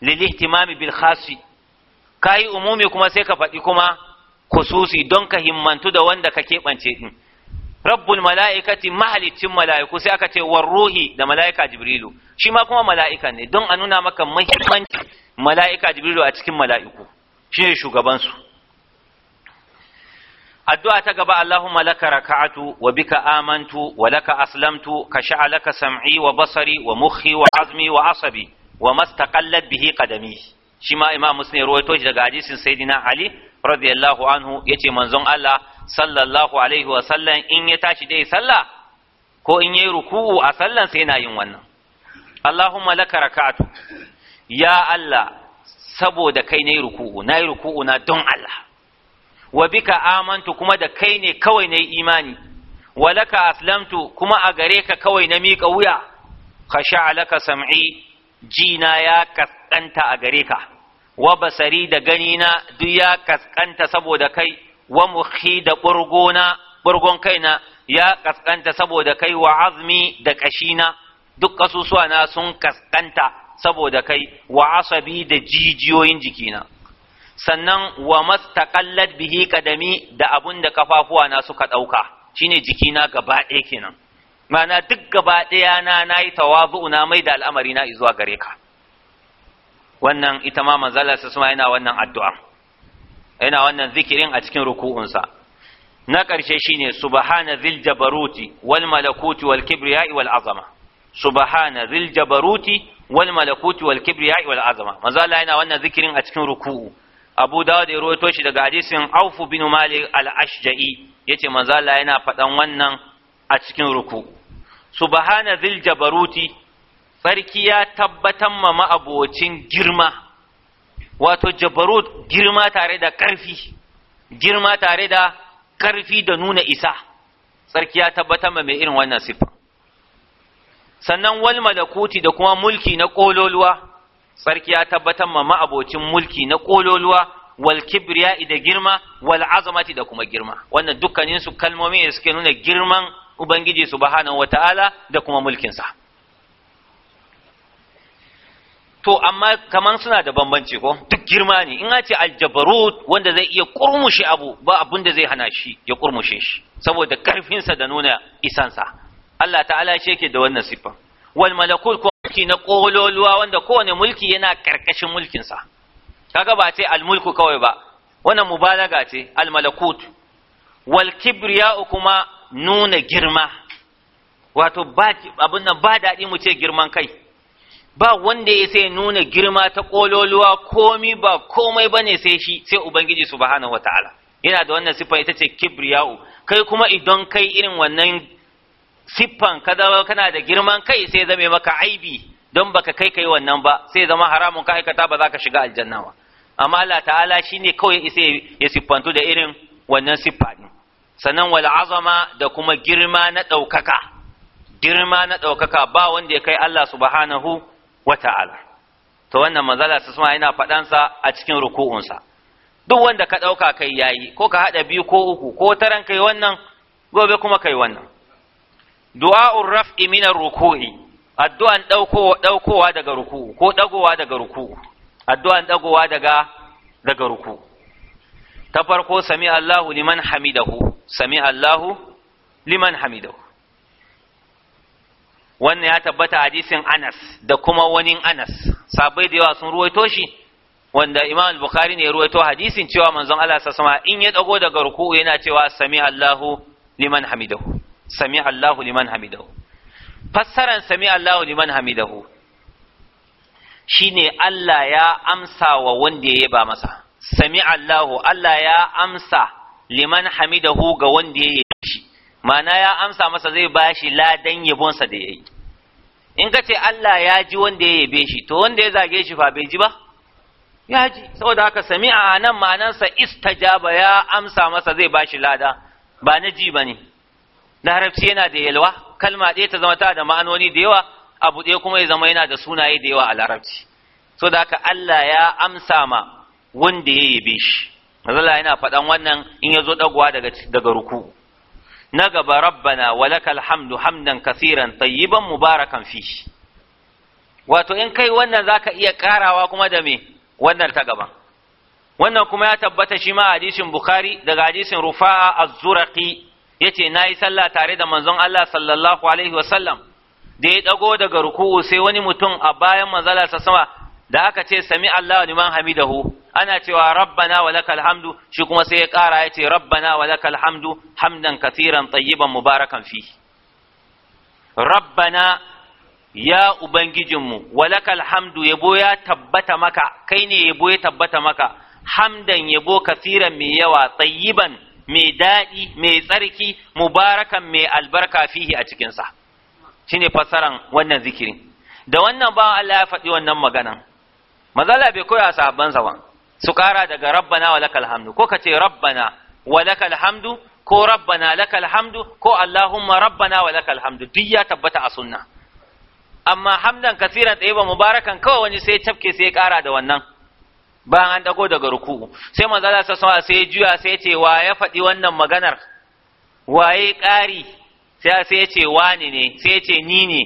lil ihtimami bil khasi kai umumi kuma sai ka faɗi kuma khususi don ka himmantu da wanda ka keɓance din rabbul mala'ikati mahalicin mala'iku sai aka ce war ruhi da mala'ika jibrilu shi ma kuma mala'ika ne don a nuna maka muhimmanci mala'ika jibrilu a cikin mala'iku shi ne shugabansu addu'a ta gaba Allahumma laka raka'atu wa bika amantu wa laka aslamtu ka sha'alaka sam'i wa basari wa mukhi wa azmi wa asabi wa mastaqallat bihi qadami shi ma imam muslim ya shi daga hadisin sayyidina ali radiyallahu anhu yace manzon Allah sallallahu alaihi wa in ya tashi dai salla? ko in yayi ruku'u a sallan sai yana yin wannan Allahumma laka rakatu. ya Allah saboda kai nayi ruku'u nayi ruku'u na don Allah wa bika amantu kuma da kai ne kawai nayi imani wa laka aslamtu kuma a gare ka kawai na miƙa wuya khasha'a laka sam'i jina ya kaskanta a gare ka wa basari da gani na duk ya kaskanta saboda kai wa mukhi da burgona burgon kaina ya kaskanta saboda kai wa azmi da kashina duk kasusuwa na sun kaskanta saboda kai wa asabi da jijiyoyin jikina sannan wa mastaqallat bihi kadami da abunda da kafafuwa na suka dauka shine jikina gaba ɗaya kenan mana duk gaba ɗaya na nayi tawazu na mai da al'amari na zuwa gare ka wannan ita ma manzala su yana wannan addu'a yana wannan zikirin a cikin ruku'unsa na ƙarshe shine subhana zil jabaruti wal malakuti wal kibriyai wal azama subhana zil jabaruti wal malakuti wal kibriyai wal azama manzo Allah yana wannan zikirin a cikin ruku'u Abu Dawud ya rawaito shi daga hadisin Auf bin Malik al-Ashja'i yace manzo Allah yana faɗan wannan a cikin ruku'u subhana zil jabaruti sarki ya tabbatan ma ma'abocin girma wato jabarut girma tare da ƙarfi girma tare da ƙarfi da nuna isa tsarki ya tabbatar ma mai irin wannan siffa sannan wal malakuti da kuma mulki na kololuwa tsarki ya tabbatar ma ma'abocin mulki na kololuwa wal kibriya da girma wal azamati da kuma girma wannan dukkaninsu kalmomi da suke nuna girman ubangiji subhanahu wataala da kuma mulkinsa. sa to amma kaman suna da bambanci ko duk girma ne in ce aljabarut wanda zai iya kurmushe abu ba abun da zai hana shi ya kurmushe shi saboda karfinsa da nuna isansa Allah ta'ala shi yake da wannan siffa wal malakul ko mulki na kololuwa wanda kowane mulki yana karkashin mulkinsa kaga ba ce al mulku kawai ba wannan mubalaga ce al malakut wal kibriya kuma nuna girma wato ba abin nan ba daɗi mu ce girman kai ba wanda ya sai nuna girma ta kololuwa komi ba komai ba ne sai shi sai ubangiji subhanahu wataala yana da wannan siffa ita ce kibriya'u kai kuma idan kai irin wannan siffan ka zama kana da girman kai sai zame maka aibi don baka kai kai wannan ba sai zama haramun ka aikata ba za ka shiga aljanna ba amma Allah ta'ala shi ne kawai isa ya siffantu da irin wannan siffa sannan wal azama da kuma girma na ɗaukaka girma na ɗaukaka ba wanda ya kai Allah subhanahu wa ta'ala to wannan manzala su suna yana faɗansa a cikin ruku'unsa duk wanda ka ɗauka kai yayi ko ka haɗa biyu ko uku ko taran kai wannan gobe kuma kai wannan du'a'ur raf'i min ruku'i addu'an ɗaukowa ɗaukowa daga ruku'u ko ɗagowa daga ruku'u addu'an ɗagowa daga daga ruku'u ta farko sami Allahu liman hamidahu sami Allahu liman hamidahu wannan ya tabbata hadisin Anas da kuma wani Anas sabai da yawa sun ruwaito shi wanda Imam Bukhari ne ya ruwaito hadisin cewa manzon Allah sallallahu in ya dago daga ruku'u yana cewa sami Allahu liman hamidahu sami Allahu liman hamidahu fassaran sami Allahu liman hamidahu shine Allah ya amsa wa wanda ya yaba masa sami Allahu Allah ya amsa liman hamidahu ga wanda ya ma'ana ya amsa masa zai bashi ladan yabonsa da yayi in ka ce Allah ya ji wanda ya yabe shi to wanda ya zage shi fa bai ji ba ya ji saboda haka sami'a nan ma'anansa istajaba ya amsa masa zai bashi lada ba na ji ba ne. larabci yana da yalwa kalma ɗaya ta zama ta da ma'anoni da yawa abu ɗaya kuma ya zama yana da sunaye da yawa a larabci saboda haka Allah ya amsa ma wanda ya yabe shi Allah yana faɗan wannan in ya zo ɗagowa daga daga ruku na gaba rabbana walakal hamdu hamdan kasiran tayyiban mubarakan fi wato in kai wannan zaka iya karawa kuma da me wannan ta gaban wannan kuma ya tabbata shi ma hadisin bukhari daga hadisin rufa'a az-zuraqi yace nayi sallah tare da manzon Allah sallallahu alaihi wasallam da ya dago daga ruku'u sai wani mutum a bayan manzala sa sama da aka ce sami Allahu liman hamidahu ana cewa rabbana wa lakal hamdu shi kuma sai ya kara ya ce rabbana wa lakal hamdu hamdan kathiran tayyiban mubarakan fi rabbana ya ubangijinmu wa lakal hamdu yabo ya tabbata maka kai ne yabo ya tabbata maka hamdan yabo kathiran mai yawa tayyiban mai daɗi mai tsarki mubarakan mai albarka fihi a cikinsa shine fasaran wannan zikirin da wannan ba Allah ya faɗi wannan maganan mazala bai koya sahabban ba su kara daga rabbana wa lakal hamdu ko kace rabbana wa lakal hamdu ko rabbana lakal hamdu ko allahumma rabbana wa lakal hamdu duk ya tabbata a sunna amma hamdan kasiran yaba mubarakan kawai wani sai tafke sai ya kara da wannan bayan an dago daga ruku'u sai manzala sa sama sai juya sai ce wa ya faɗi wannan maganar waye ƙari sai sai ce wani ne sai ce ni ne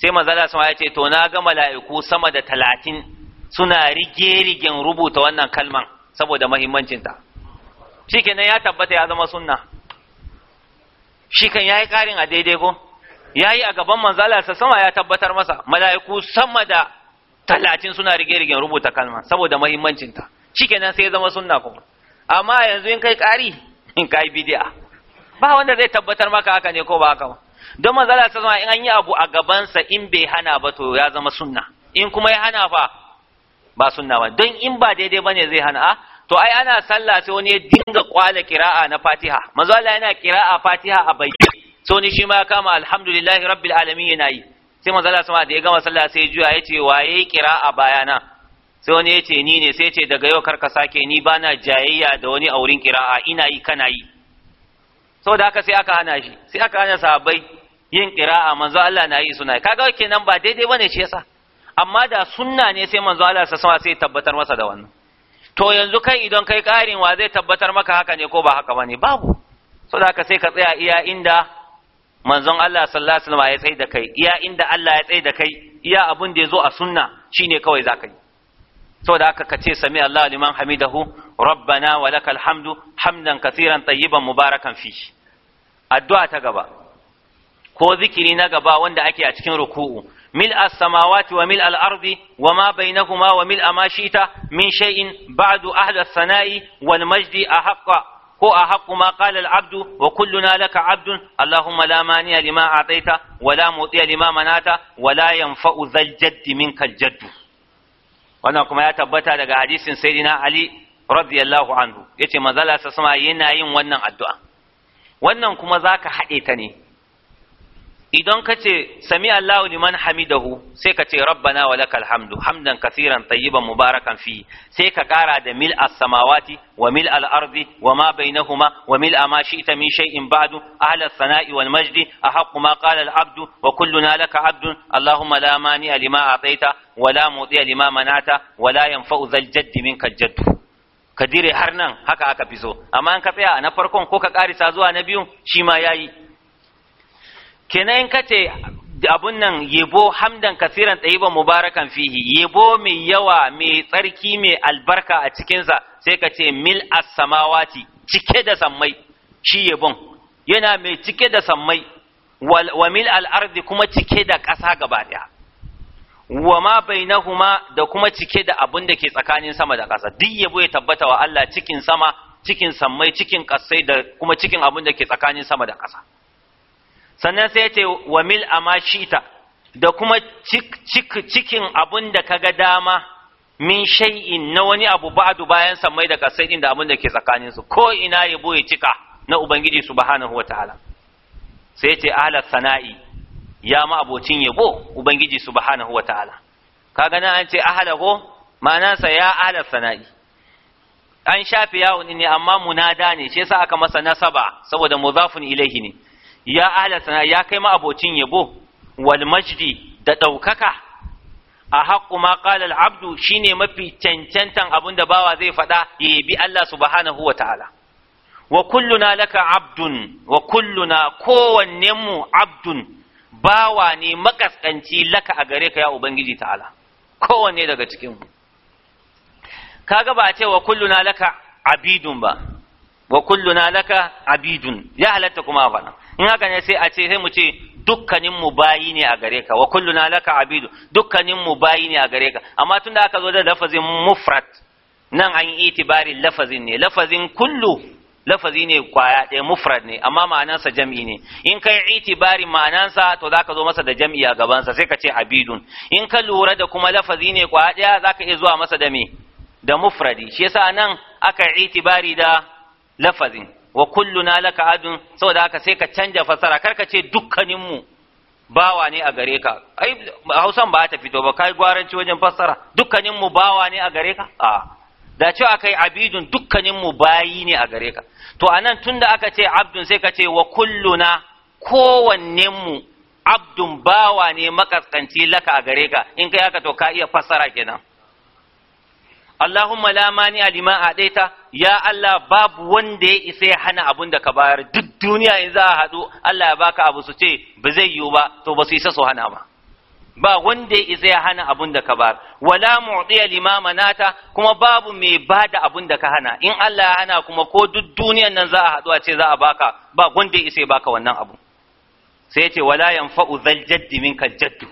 sai manzala sama ya ce to na ga mala'iku sama da talatin suna rige-rigen rubuta wannan kalman saboda mahimmancinta shi kenan ya tabbata ya zama sunna shi kan ya yi ƙarin a daidai ko ya yi a gaban manzalarsa sama ya tabbatar masa mala'iku sama da talatin suna rige-rigen rubuta kalman saboda mahimmancinta shi kenan sai ya zama sunna kuma amma yanzu in kai ƙari in kai bidi'a ba wanda zai tabbatar maka haka ne ko ba haka ba don manzalarsa sama in an yi abu a gabansa in bai hana ba to ya zama sunna in kuma ya hana fa ba sunna ba don in ba daidai bane zai hana a ah, to ai ana sallah sai wani ya dinga kwala kira'a na Fatiha manzo Allah yana kira'a Fatiha a bayyane so ni shi ma kama alhamdulillahi rabbil alamin yana yi sai manzo Allah sama da ya gama sallah sai juya yace waye kira'a bayana sai wani yace ni ne sai yace daga yau karka sake ni bana jayayya da wani a wurin kira'a ina yi kana yi saboda haka sai aka hana shi sai aka hana sahabbai yin kira'a manzo Allah na yi suna kaga kenan ba daidai bane shi yasa amma da sunna ne sai manzo Allah sa sama sai tabbatar masa da wannan to yanzu kai idan kai ƙarin wa zai tabbatar maka haka ne ko ba haka bane babu saboda da sai ka tsaya iya inda manzon Allah sallallahu alaihi wasallam ya tsaya da kai iya inda Allah ya tsaya da kai iya abun da yazo a sunna shine kawai zaka yi saboda haka ka ce sami Allah liman hamidahu rabbana wa lakal hamdu hamdan ban tayyiban mubarakan fi addu'a ta gaba ko zikiri na gaba wanda ake a cikin ruku'u Mil ملء wa mil الأرض وما بينهما وملء ما شئت من شيء بعد أهل الثناء والمجد أحق ko a haƙu ma ƙalal abdu wa kulluna laka abdun Allahumma la maniya lima ataita wa la mutiya lima manata wa la yanfa'u zal wannan kuma ya tabbata daga hadisin saidina Ali radiyallahu anhu yace manzala sa sama yana yin wannan addu'a wannan kuma zaka haɗe ta ne idan ka ce sami Allahu liman hamidahu sai ka ce rabbana wa lakal hamdu hamdan kasiran tayyiban mubarakan fi sai ka kara da mil as-samawati wa mil al-ardi wa ma bainahuma wa mil ma shi'ta min shay'in ba'du ahla as-sana'i wal majdi ahaqqu ma qala al-abdu wa kulluna laka abdun allahumma la a lima ataita wa la mudi'a lima manata wa la yanfa'u zal jaddi minka jaddu kadire har nan haka aka fi so amma in ka tsaya na farkon ko ka karisa zuwa na biyu shi ma yayi kenan kace abun nan yebo hamdan kasiran ɗayiban mubarakan fihi yebo mai yawa mai tsarki mai albarka a cikinsa sai ka ce mil as samawati cike da sammai shi yebon yana mai cike da sammai wa mil al ardi kuma cike da ƙasa gaba ɗaya wa ma bainahuma da kuma cike da abun da ke tsakanin sama da ƙasa duk yebo ya tabbata wa Allah cikin sama cikin sammai cikin ƙasai da kuma cikin abun da ke tsakanin sama da ƙasa sannan sai ce wa mil amashita da kuma cikin abun da kaga dama min shay'in na wani abu ba'du bayan samai da kasaidin da abun da ke tsakanin su ko ina yabo ya cika na ubangiji subhanahu wataala sai ce ala sana'i ya ma abocin yabo ubangiji subhanahu wataala kaga nan an ce ahla ko ma'anarsa ya ala sana'i an shafe yawon ne amma munada ne shi yasa aka masa nasaba saboda mudafun ilaihi ne ya ahla sana ya kai ma abocin yabo wal majdi da ɗaukaka a haƙƙu ma ƙalal abdu shine mafi cancantan abin da bawa zai faɗa ya bi Allah subhanahu wa ta'ala wa kulluna laka abdun wa kulluna kowannenmu abdun bawa ne makaskanci laka a gare ka ya ubangiji ta'ala kowanne daga cikinmu kaga ba a ce wa kulluna laka abidun ba wa kulluna laka abidun ya halatta kuma fana in haka ne sai a ce sai mu ce dukkanin mu bayi ne a gare ka wa kulluna laka abidu dukkanin mu bayi ne a gare ka amma tunda aka zo da lafazin mufrat nan an yi itibari lafazin ne lafazin kullu lafazi ne kwaya ɗaya mufrad ne amma ma'anansa jam'i ne in kai itibari ma'anansa to zaka zo masa da jam'i a gabansa sai ka ce abidun in ka lura da kuma lafazi ne kwaya ɗaya zaka iya zuwa masa da me da mufradi shi yasa nan aka itibari da lafazin wa kulluna laka adun saboda haka sai ka canja fasara karka ce dukkanin mu bawa ne a gare ka ai Hausan ba ta fito ba kai gwaranci wajen fasara, dukkanin bawa ne a gare ka a da cewa kai abidun dukkanin mu bayi ne a gare ka to anan tunda aka ce abdun sai ka ce wa kulluna kowannen mu abdun bawa ne makaskanci laka a gare ka in kai haka to ka iya fasara kenan Allahumma la mani alima a daita ya Allah babu wanda ya isa ya hana abun da ka bayar duk duniya in za a haɗu Allah ya baka abu su ce ba zai yiwu ba to ba su isa su hana ba ba wanda ya isa ya hana abun da ka bayar wala mu'tiya lima manata kuma babu mai bada abun da ka hana in Allah ya hana kuma ko duk duniyan nan za a haɗu a ce za a baka ba wanda ya isa ya baka wannan abu sai ya ce wala yanfa'u zal jaddi minkal jaddu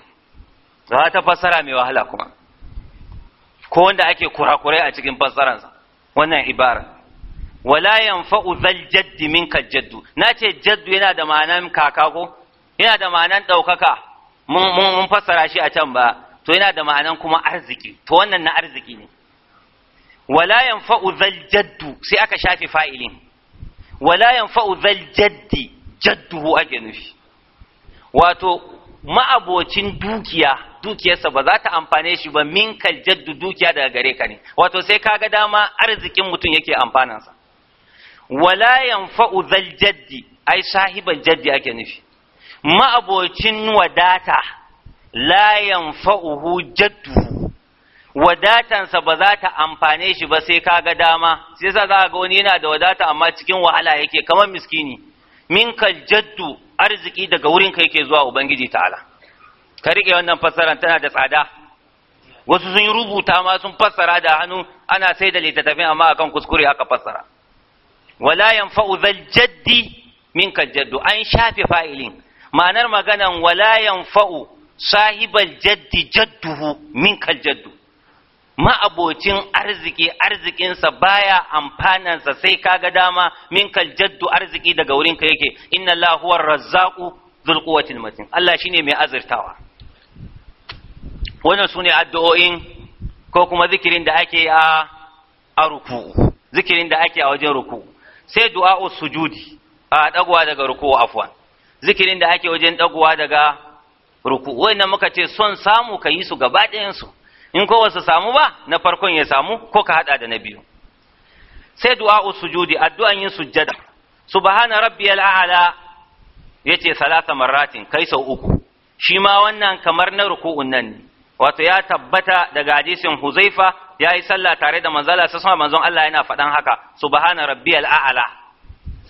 za ta fassara mai wahala kuma ko wanda ake kurakurai a cikin fassaransa wannan ibara wala yanfa'u zal jaddi minka jaddu ce jaddu yana da ma'anan kaka ko yana da ma'anan daukaka mun fassara shi a can ba to yana da ma'anan kuma arziki to wannan na arziki ne wala yanfa'u zal jaddu sai aka shafe fa'ilin wala yanfa'u zal jaddi jadduhu ake nufi wato ma'abocin dukiya dukiyarsa ba za ta amfane shi ba minkal jaddu dukiya daga gare ka ne wato sai kaga dama arzikin mutum yake amfanan sa. wala yanfa'u zal jaddi ai sahiban jaddi ake nufi ma'abocin wadata la yanfa'uhu jaddu wadatansa ba za ta amfane shi ba sai kaga dama sai sa za ga wani yana da wadata amma cikin wahala yake kamar miskini minkal jaddu arziki daga wurin ka yake zuwa ubangiji ta'ala ka rike wannan fassarar tana da tsada wasu sun rubuta ma sun fassara da hannu ana sai da littattafin amma akan kuskure aka fassara wala yanfa'u zal jaddi minka jaddu an shafe fa'ilin ma'anar maganan wala yanfa'u sahibal jaddi jadduhu minka jaddu ma'abocin arziki arzikinsa baya amfanansa sai kaga dama minkal jaddu arziki daga wurin ka yake inna Allah huwa razzaqu dhul quwwatil matin Allah shine mai azurtawa wannan ne addu'o'in ko kuma zikirin da ake a ruku zikirin da ake a wajen ruku sai du'a'u judi a ɗaguwa daga ruku'u afwan zikirin da ake wajen ɗaguwa daga ruku'u na muka ce son samu ka yi su gaba ɗayansu in ko wasu samu ba na farkon ya samu ko ka haɗa da na biyu sai du'a'u judi, addu'an yin sujjada Rabbi al’ala ya yace salasa marratin kai sau uku shi ma wannan kamar na ruku'un nan ne wato ya tabbata daga hadisin Huzaifa ya yi sallah tare da manzala sai sama manzon Allah yana faɗan haka subhana rabbiyal a'la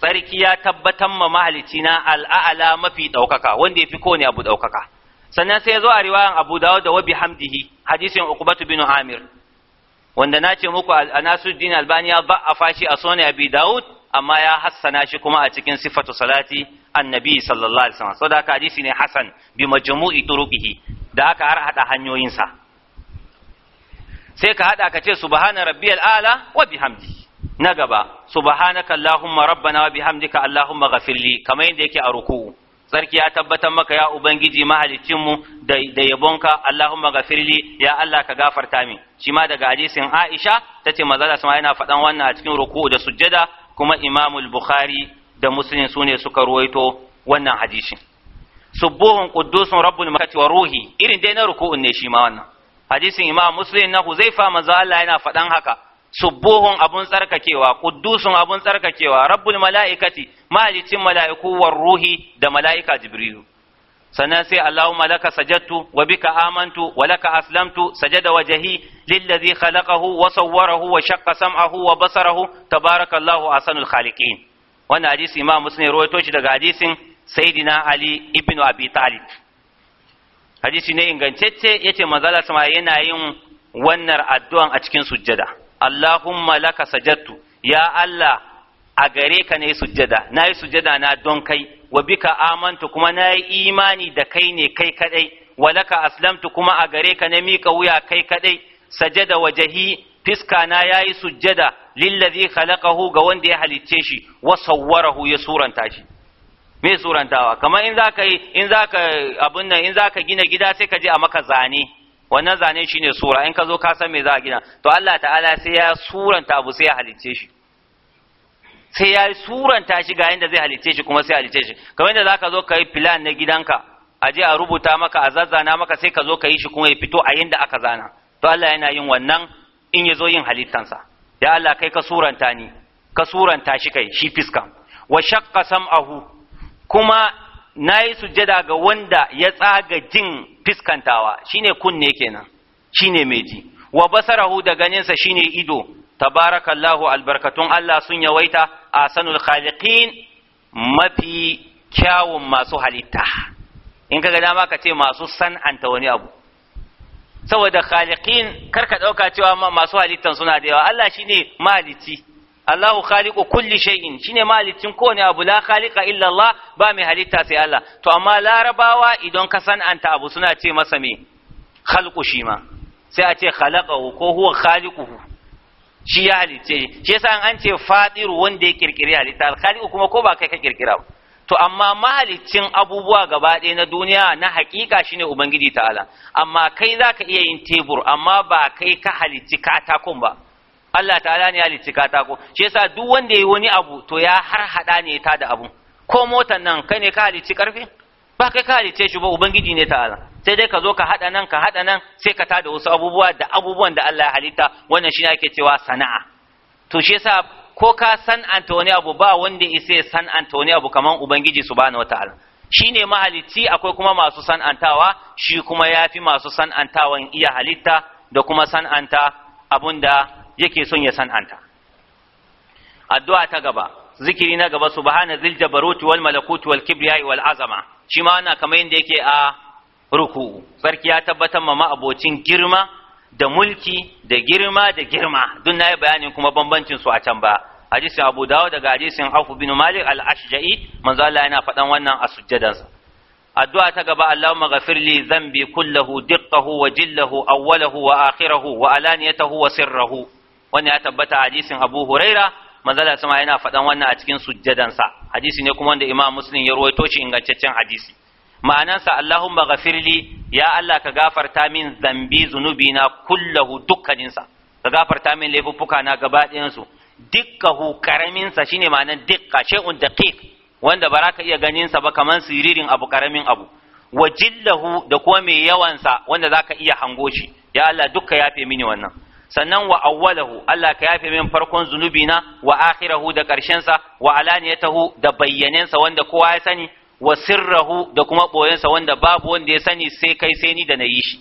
sarki ya tabbatar ma mahalici na al'a'la mafi ɗaukaka wanda ya fi kowane abu ɗaukaka sannan sai ya zo a riwayan Abu Dawud da wabi hamdihi hadisin Uqbatu bin Amir wanda na ce muku Nasiruddin Albani ya ba'afa shi a sunan Abi Dawud amma ya hassana shi kuma a cikin sifatu salati annabi sallallahu alaihi wasallam saboda hadisi ne hasan bi majmu'i turuqihi da aka har hada hanyoyinsa sai ka hada ka ce subhana rabbiyal ala wa bihamdi na gaba subhanaka allahumma rabbana wa bihamdika allahumma ghafirli kamar yadda yake a ruku'u sarki ya tabbatar maka ya ubangiji mahaliccinmu da yabonka allahumma ghafirli ya allah ka gafarta min shi ma daga hadisin aisha tace manzo Allah yana faɗan wannan a cikin ruku'u da sujjada kuma imamul bukhari da muslim sune suka ruwaito wannan hadisin subuhun quddusun rabbul malakati wa ruhi irin dai na ruku'un ne shi ma wannan hadisin imam muslim na huzaifa manzo Allah yana faɗan haka subuhun abun tsarkakewa quddusun abun tsarkakewa rabbul malaikati malicin mala'iku war ruhi da mala'ika jibrilu sannan sai Allahumma laka sajadtu wa bika amantu wa laka aslamtu sajada wajhi lillazi khalaqahu wa sawwarahu wa shaqqa sam'ahu wa basarahu tabarakallahu ahsanul khaliqin wannan hadisi imam muslim ya shi daga hadisin Saidina ali ibn abi talib hadisi ne ingantacce yace manzala sama yana yin wannan addu'an a cikin sujjada allahumma laka sajadtu ya allah a gare ka ne sujjada na yi sujjada na don kai wa bika amantu kuma na yi imani da kai ne kai kadai wa laka aslamtu kuma a gare ka ne mika wuya kai kadai sajada wajahi fiska na yayi sujjada lillazi khalaqahu ga wanda ya halicce shi wa sawwarahu ya suranta shi me surantawa kamar in zaka yi in zaka abun nan in zaka gina gida sai ka je a maka zane wannan zane shine sura in ka zo ka san me za a gina to Allah ta'ala sai ya suranta abu sai ya halice shi sai ya suranta shi ga yanda zai halice shi kuma sai halice shi kamar yadda zaka zo ka yi plan na gidanka a je a rubuta maka a zazzana maka sai ka zo ka yi shi kuma ya fito a yanda aka zana to Allah yana yin wannan in ya zo yin halittansa ya Allah kai ka suranta ni ka suranta shi kai shi fiska wa shaqqa sam'ahu kuma na yi sujjada ga wanda ya tsaga jin fiskantawa shine kunne kenan shine mai ji wa basarahu da ganinsa shine ido tabarakallahu albarkatun Allah sun yawaita a sanul khaliqin mafi kyawun masu halitta in kaga dama ka ce masu san'anta wani abu saboda khaliqin karka ɗauka cewa masu halittan suna da yawa Allah shine maliki Allahu khaliqu kulli shay'in shine mahalicin kowane abu la khaliqa illa Allah ba mai halitta sai Allah to amma larabawa idan ka san anta abu suna ce masa me khalqu shi ma sai a ce khalaqahu ko huwa khaliquhu shi ya halice shi yasa an ce fadiru wanda ya kirkiri halitta khaliqu kuma ko ba kai ka kirkira ba to amma mahalicin abubuwa gaba ɗaya na duniya na haƙiƙa shine ubangiji ta'ala amma kai zaka iya yin tebur amma ba kai ka halicci katakon ba Allah ta'ala ne ya halicci katako shi yasa duk wanda yi wani abu to ya har hada ne ta da abu ko motan nan kai ne ka halicci karfe ba kai ka halicce shi ba ubangiji ne ta'ala sai dai ka zo ka hada nan ka hada nan sai ka ta da wasu abubuwa da abubuwan da Allah ya halitta wannan ne ake cewa sana'a to shi yasa ko ka san'anta wani abu ba wanda isa san'anta wani abu kaman ubangiji subhanahu wataala shi ne mahalicci akwai kuma masu san'antawa shi kuma ya fi masu san'antawan iya halitta da kuma san'anta abun da yake son ya san'anta addu'a ta gaba zikiri na gaba subhana zil jabaruti wal malakuti wal kibriyai wal azama shi ma wannan kamar yadda yake a ruku sarki ya tabbatar ma ma'abocin girma da mulki da girma da girma duk na bayanin kuma bambancin su a can ba hadisin abu dawo daga hadisin auf bin malik al ashja'i manzo Allah yana faɗan wannan a sujjadansa addu'a ta gaba Allahumma ghafir li dhanbi kullahu diqqahu wa jillahu awwalahu wa akhirahu wa alaniyatahu wa sirrahu wannan ya tabbata hadisin Abu Huraira manzala sama yana faɗan wannan a cikin sujjadansa hadisi ne kuma wanda Imam Muslim ya ruwaito shi ingantaccen hadisi ma'anansa Allahumma ghafirli ya Allah ka gafarta min zambi zunubi na kullahu dukkaninsa ka gafarta min laifuffuka na gaba ɗayansu dukkahu karaminsa shine ma'anan dukka shay'un daqiq wanda ba ka iya ganin sa ba kaman siririn abu karamin abu wajillahu da kuma mai yawansa wanda zaka iya hango shi ya Allah dukka yafe mini wannan sannan wa awwalahu Allah ka yafe min farkon zunubi na wa akhirahu da karshen sa wa alaniyatahu da bayyanensa sa wanda kowa ya sani wa sirrahu da kuma boyen sa wanda babu wanda ya sani sai kai sai ni da yi shi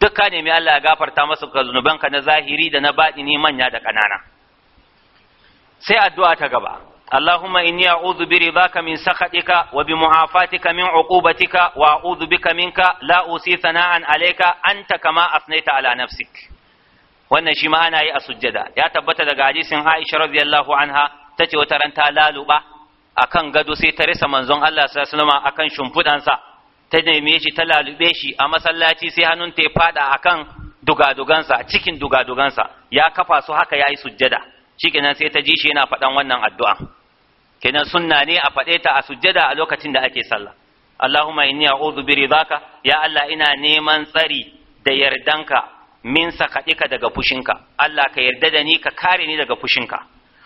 duka mai Allah ya gafarta masa ka ka na zahiri da na baɗini manya da ƙanana sai addu'a ta gaba اللهم إني أعوذ برضاك من سخطك وبمعافاتك من عقوبتك وأعوذ بك منك لا أوصي ثناء عليك أنت كما أثنيت على نفسك wannan shi ma ana yi a sujjada ya tabbata daga hadisin Aisha radiyallahu anha ta ce wata ran ta laluba akan gado sai ta risa manzon Allah sallallahu alaihi wasallam akan shimfudansa ta neme shi ta lalube shi a masallaci sai hannun ta ya fada akan dugadugansa cikin dugadugansa ya kafa su haka yayi sujjada shikenan sai ta ji shi yana faɗan wannan addu'a kenan sunna ne a faɗe ta a sujjada a lokacin da ake sallah Allahumma inni a'udhu bi ridaka ya Allah ina neman tsari da yardanka min sakaɗika daga fushinka Allah ka yarda da ni ka kare ni daga fushinka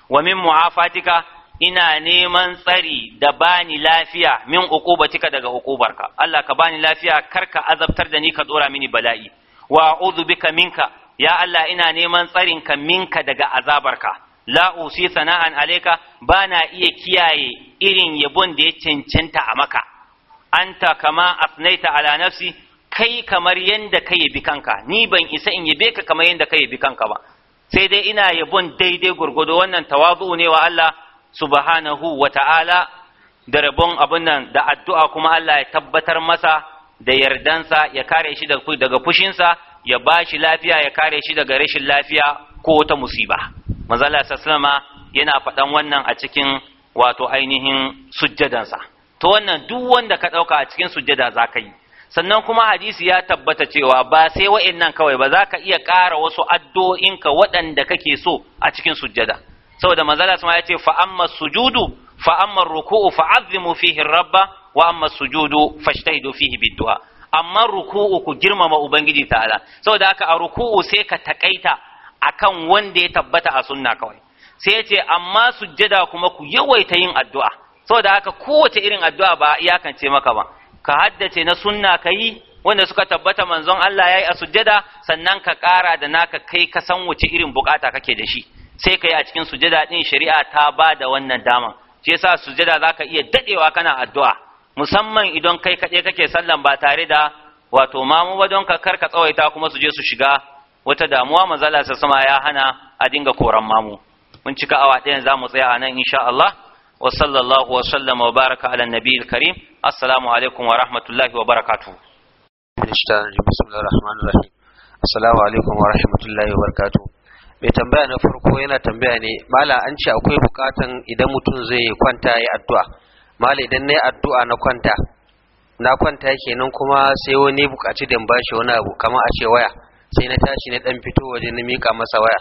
wa min mu'afatika ina neman tsari da bani lafiya min uqubatika daga hukubarka Allah ka bani lafiya kar ka azabtar da ni ka dora mini bala'i wa a'udhu bika minka ya Allah ina neman tsarin ka minka daga azabarka la usi sana'an alayka bana iya kiyaye irin yabon da ya cancanta a maka anta kama asnaita ala nafsi kai kamar yadda ka yabi kanka ni ban isa in yabe ka kamar yanda ka yabi kanka ba sai dai ina yabon daidai gurgudo wannan tawazu ne wa Allah subhanahu wa ta'ala da rabon abin nan da addu'a kuma Allah ya tabbatar masa da yardansa ya kare shi daga fushinsa ya ba shi lafiya ya kare shi daga rashin lafiya ko ta musiba manzala sallama yana faɗan wannan a cikin wato ainihin sujjadansa to wannan duk wanda ka ɗauka a cikin sujjada za ka yi sannan kuma hadisi ya tabbata cewa ba sai wa'annan kawai ba za ka iya ƙara wasu addu'o'inka waɗanda kake so a cikin sujjada saboda manzala sama ya ce fa amma sujudu fa amma ruku'u fa azzimu fihi rabba wa amma sujudu fashtahidu fihi biddu'a amma ruku'u ku girmama ubangiji ta'ala saboda haka a ruku'u sai ka takaita akan wanda ya tabbata a sunna kawai sai ya ce amma sujjada kuma ku yawaita yin addu'a saboda haka kowace irin addu'a ba iyakance maka ba ka haddace na sunna ka yi wanda suka tabbata manzon Allah ya yi a sujjada sannan ka ƙara da naka kai ka san wace irin bukata kake da shi sai ka yi a cikin sujjada ɗin shari'a ta ba da wannan dama shi yasa sujjada za ka iya daɗewa kana addu'a musamman idan kai kaɗai kake sallan ba tare da wato mamu ba don ka tsawaita kuma su je su shiga wata damuwa manzala sa sama ya hana a dinga koran mamu mun cika awa ɗayan za mu tsaya a nan insha Allah وصلى الله وسلم وبارك على النبي الكريم السلام عليكم ورحمة الله وبركاته بسم الله الرحمن الرحيم السلام عليكم ورحمة الله وبركاته mai tambaya na farko yana tambaya ne mala an ce akwai bukatan idan mutum zai kwanta ya addu'a mala idan na yi addu'a na kwanta na kwanta kenan kuma sai wani bukaci da bashi wani abu kamar a ce waya sai na tashi na dan fito waje na mika masa waya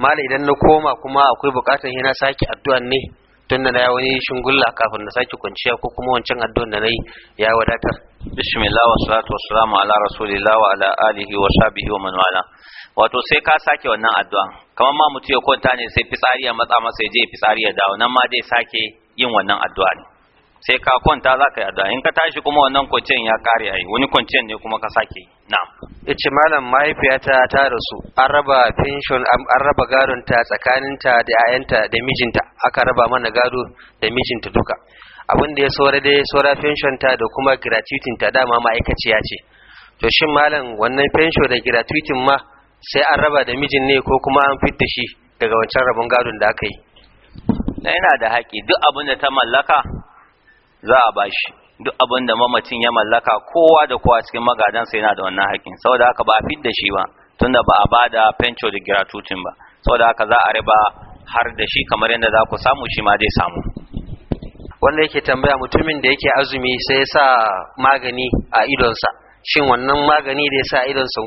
mala idan na koma kuma akwai bukatan yana sake addu'an ne tunda na wani shingulla kafin na sake kwanciya ko kuma wancan addu'an da nayi ya wadatar bismillah wa salatu wassalamu ala rasulillah wa ala alihi wa sahbihi wa man wala wato sai ka sake wannan addu'an? kamar ma mutum ya kwanta ne sai fitsari ya matsa masa ya je fitsari ya dawo nan ma dai sake yin wannan addu'a ne sai ka kwanta za ka yada in ka tashi kuma wannan kwanciyar ya kare a yi wani kwanciyar ne kuma ka sake yi na ice malam mahaifiyata ta rasu an raba pension an raba gadonta tsakaninta da 'ya'yanta da mijinta aka raba mana gado da mijinta duka abin da ya saura dai saura pension ta da kuma gratuity ta dama ma'aikaciya ce to shin malam wannan pension da gratuity ma sai an raba da mijin ne ko kuma an fitta shi daga wancan rabon gadon da aka yi na yana da haƙi duk abin da ta mallaka za a bashi duk abin da mamacin ya mallaka kowa da kowa cikin magadansa yana da wannan haƙƙin saboda haka ba a da shi ba tunda ba a bada pencho da gratuitin ba saboda haka za a riba har da shi kamar yadda za ku samu shi ma zai samu wanda yake tambaya mutumin da yake azumi sai ya sa magani a idonsa shin wannan magani da ya sa idon idonsa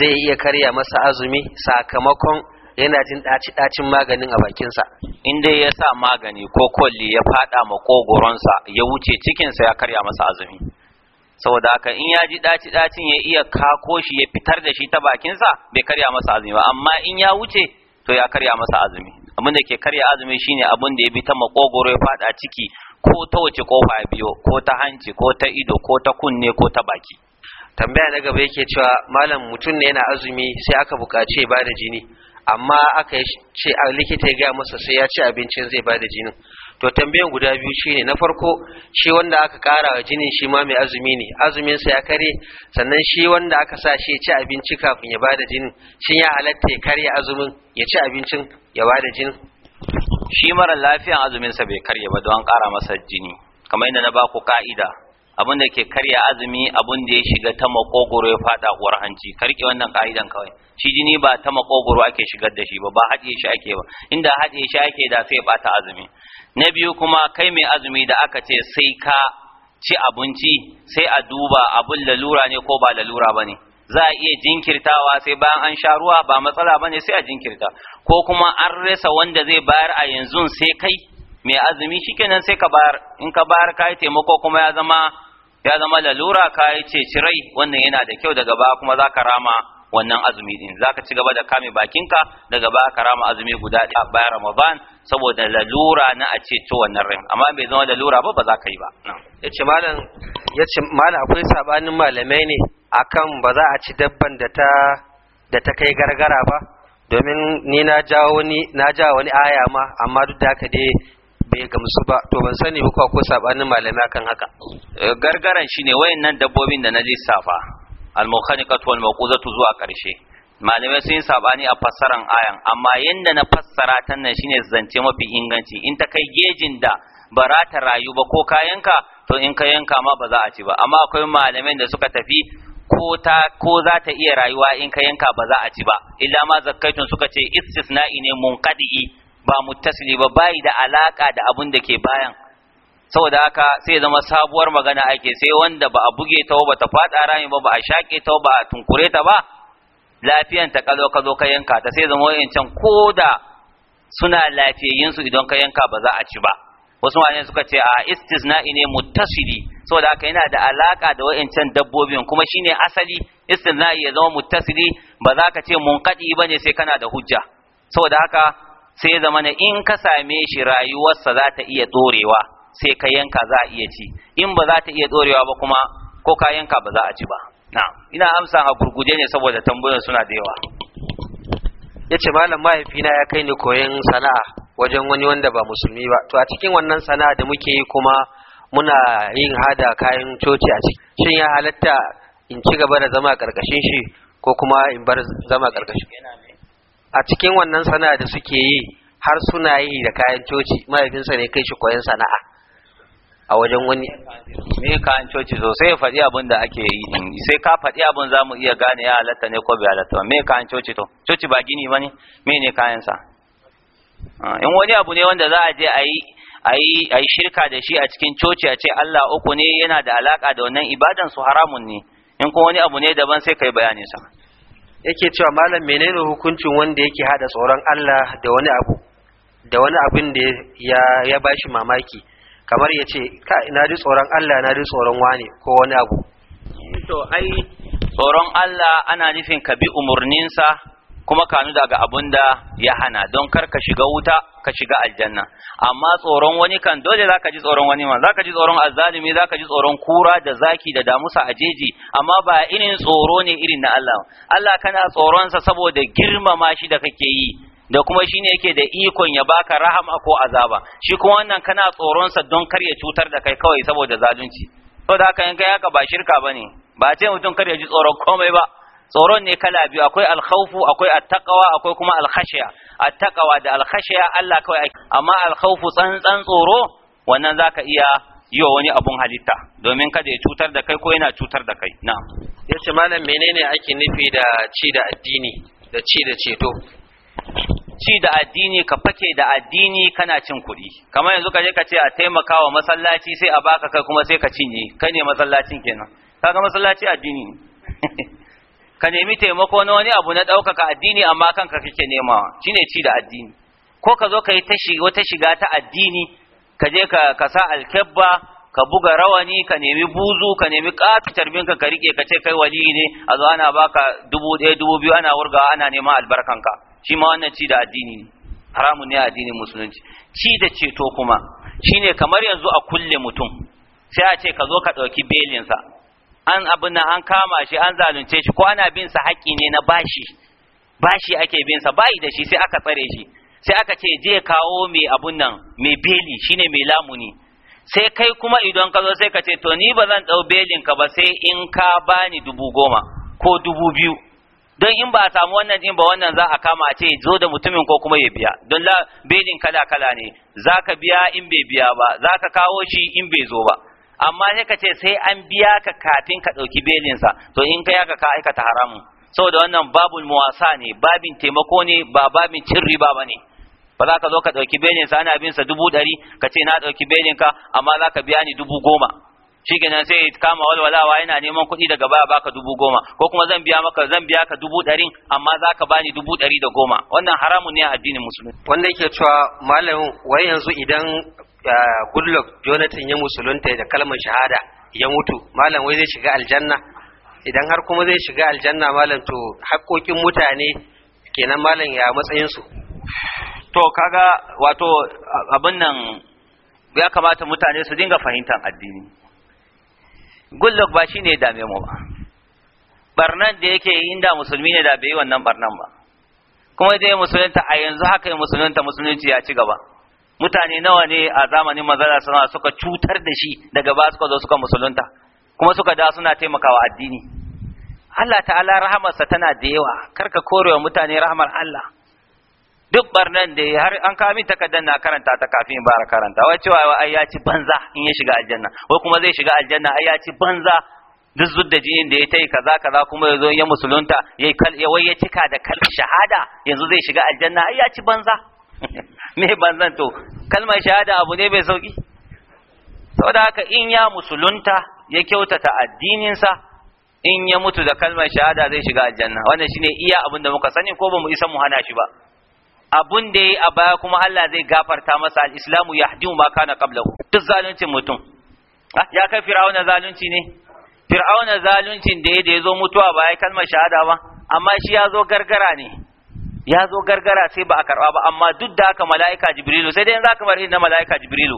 zai iya karya masa azumi sakamakon yana jin ɗaci-ɗacin maganin a bakinsa in dai ya sa magani ko kwalli ya faɗa makogoronsa ya wuce cikinsa ya karya masa azumi saboda haka in ya ji ɗaci-ɗacin ya iya kako shi ya fitar da shi ta bakinsa bai karya masa azumi ba amma in ya wuce to ya karya masa azumi abin da ke karya azumi shine abin da ya bi ta makogoro ya faɗa ciki ko ta wace kofa biyo ko ta hanci ko ta ido ko ta kunne ko ta baki tambaya na gaba yake cewa malam mutum ne yana azumi sai aka buƙaci ya bada jini amma aka ce a likita ya gaya masa sai ya ci abincin zai bada jinin to tambayan guda biyu shine na farko shi wanda aka kara wa jinin shi ma mai azumi ne azumin sa ya kare sannan shi wanda aka sa shi ya ci abinci kafin ya bada jinin shin ya halatta ya karya azumin ya ci abincin ya bada jinin shi mara lafiyan azumin sa bai karya ba don an kara masa jini kamar yadda na ba ku ka'ida abin da ke karya azumi abin da ya shiga ta makogoro ya fada uwar hanci karki wannan ka'idan kawai shi jini ba ta makogoro ake shigar da shi ba ba haɗe shi ake ba inda haɗe shi ake da sai ba ta azumi na biyu kuma kai mai azumi da aka ce sai ka ci abinci sai a duba abin lalura ne ko ba lalura ba ne za a iya jinkirtawa sai bayan an sha ruwa ba matsala ba ne sai a jinkirta ko kuma an rasa wanda zai bayar a yanzu sai kai mai azumi shikenan sai ka bayar in ka bayar ka yi taimako kuma ya zama ya zama lalura ka yi cirai wannan yana da kyau daga baya kuma za ka rama wannan azumi din za ka ci gaba da kame bakinka daga baya ka rama azumi guda ɗaya bayan ramadan saboda lalura na a to wannan rai amma bai zama lalura ba ba za ka yi ba yace malam yace malam akwai sabanin malamai ne akan ba za a ci dabban da ta da ta kai gargara ba domin ni na jawo wani na jawo wani aya ma amma duk da haka dai bai gamsu ba to ban sani ba ko sabanin malamai akan haka eh, gargaran shine wayannan dabbobin da na lissafa al-mukhaniqatu wal maquzatu zuwa karshe malamai sun sabani a fassaran ayan amma yanda na fassara ta nan shine zance mafi inganci in ta kai gejin da barata za ta rayu ba ko kayanka to in ka yanka ma ba za a ci ba amma akwai malamai da suka tafi ko ta ko za ta iya rayuwa in ka yanka ba za a ci ba illa ma zakkaitun suka ce istisna'i ne munqadi ba mutasili ba bai da alaka da abun da ke bayan saboda haka sai zama sabuwar magana ake sai wanda ba a buge ta ba ta fada rami ba ba a shake ta ba a tunkure ta ba lafiyan ta kazo ka zo ka yanka ta sai zama wayancan koda suna lafiyayyin su idan ka yanka ba za a ci ba wasu wani suka ce a istisna'i ne muttasili saboda haka yana da alaka da wayancan dabbobin kuma shine asali istisna ya zama muttasili ba za ka ce munqadi bane sai kana da hujja saboda haka sai zama ne in ka same shi rayuwarsa za ta iya tsorewa sai ka yanka za iya ci in ba za ta iya dorewa ba kuma ko ka yanka ba za a ci ba na ina amsa a gurguje ne saboda tambayoyin suna da yawa yace malam mahaifina ya kai ni koyon sana'a wajen wani wanda ba musulmi ba to a cikin wannan sana'a da muke yi kuma muna yin hada kayan coci a ciki shin ya halatta in ci gaba da zama a ƙarƙashin shi ko kuma in bar zama a ƙarƙashin a cikin wannan sana'a da suke yi har suna yi da kayan coci mahaifinsa ne kai shi koyon sana'a a wajen wani me kayan coci sosai sai faɗi abin da ake yi din sai ka faɗi abin za mu iya gane ya halatta ne ko bai halatta ba me kayan coci to coci ba gini ba ne me ne kayan sa ah, in wani abu ne wanda za a je a yi a yi shirka da shi a cikin coci a ce Allah uku ne yana da alaka da wannan ibadan su haramun ne in kuma wani abu ne daban sai kai bayanin sa yake cewa malam menene hukuncin wanda yake hada tsoron Allah da wani abu da wani abin da ya ya bashi mamaki kamar ya ce ka ina ji tsoron Allah na ji tsoron wani ko wani abu to ai tsoron Allah ana nufin ka bi umurninsa kuma kanu daga abun da ya hana don kar ka shiga wuta ka shiga aljanna amma tsoron wani kan dole zaka ji tsoron wani ma zaka ji tsoron azzalimi zaka ji tsoron kura da zaki da damusa a jeji amma ba irin tsoro ne irin na Allah Allah kana tsoron sa saboda girmama shi da kake yi da kuma shi ne yake da ikon ya baka rahama ko azaba shi kuma wannan kana tsoronsa don kar ya cutar da kai kawai saboda zalunci saboda haka in ya ka ba shirka bane ba ce mutum kar ya ji tsoron komai ba tsoron ne kala biyu akwai alkhawfu akwai attaqwa akwai kuma alkhashiya attaqwa da alkhashiya Allah kawai amma alkhawfu tsantsan tsoro wannan zaka iya yi wa wani abun halitta domin kada ya cutar da kai ko yana cutar da kai na'am yace malam menene ake nufi da ci da addini da ci da ceto ci da addini ka fake da addini kana cin kuɗi kamar yanzu ka je ka ce a taimaka wa masallaci sai a baka kai kuma sai ka cinye kai ne masallacin kenan kaga masallaci addini ne ka nemi taimako na wani abu na ɗaukaka addini amma kanka kake nemawa ne ci da addini ko ka zo ka yi wata shiga ta addini ka je ka sa alkebba ka buga rawani ka nemi buzu ka nemi ƙafi binka ka riƙe ka ce kai waliyi ne a zo ana baka dubu ɗaya dubu biyu ana wurgawa ana neman albarkanka shi ma wannan ci da addini ne haramun ne addinin musulunci ci da ceto kuma shine kamar yanzu a kulle mutum sai a ce ka zo ka ɗauki belinsa an abin nan an kama shi an zalunce shi ko ana bin sa haƙƙi ne na bashi bashi ake bin sa bai da shi sai aka tsare shi sai aka ce je kawo mai abun nan mai beli shine mai lamuni sai kai kuma idan ka zo sai ka ce to ni ba zan ɗau belin ka ba sai in ka bani dubu goma ko dubu biyu don in ba a samu wannan din ba wannan za a kama a ce zo da mutumin ko kuma ya biya don la belin kala kala ne za ka biya in bai biya ba za ka kawo shi in bai zo ba amma sai ka ce sai an biya ka kafin ka ɗauki belinsa to in ka yaka ka aikata haramun saboda wannan babin muwasa ne babin taimako ne ba babin cin riba ba ne ba za ka zo ka ɗauki belinsa ana bin sa dubu ɗari ka ce na ɗauki belinka amma za ka biya ni dubu goma Shi shikenan sai kama walwalawa yana neman kuɗi daga baya baka dubu goma ko kuma zan biya maka zan biya ka dubu ɗarin amma za ka bani dubu ɗari da goma wannan haramun ne a addinin musulmi wanda yake cewa malamin wai yanzu idan goodluck jonathan ya musulunta da kalmar shahada ya mutu malam wai zai shiga aljanna idan har kuma zai shiga aljanna malam to haƙoƙin mutane kenan malam ya matsayinsu to kaga wato abin nan ya kamata mutane su dinga fahimtar addini goodluck ba shi ne dame mu ba barnan da yake inda musulmi ne da bai wannan barnan ba kuma dai musulunta a yanzu haka musulunta musulunci ya ci gaba mutane nawa ne a zamanin mazara suna suka cutar da shi daga ba suka zo suka musulunta kuma suka da suna taimakawa addini Allah ta'ala rahamarsa tana da yawa kar ka kore wa mutane rahamar Allah duk barnan da har an kawo min takardar na karanta ta kafin in bara karanta wai cewa ai ya ci banza in ya shiga aljanna wai kuma zai shiga aljanna ai ya ci banza duk zudda jinin da ya tayi kaza kaza kuma ya zo ya musulunta ya wai ya cika da kal shahada yanzu zai shiga aljanna ai ya ci banza me banzan to kalmar shahada abu ne bai sauki saboda haka in ya musulunta ya kyautata addininsa in ya mutu da kalmar shahada zai shiga aljanna wannan shine iya abin da muka sani ko bamu isa mu hana shi ba abun da yayi a baya kuma Allah zai gafarta masa al-islamu yahdimu ma kana qablahu duk zaluncin mutum ah, ya kai fir'auna zalunci ne fir'auna zaluncin da ya da yazo mutuwa ba ya kalmar shahada ba amma shi ya zo gargara ne ya zo gargara sai ba a karba ba amma duk da haka mala'ika jibrilu sai dai in zaka bari na mala'ika jibrilu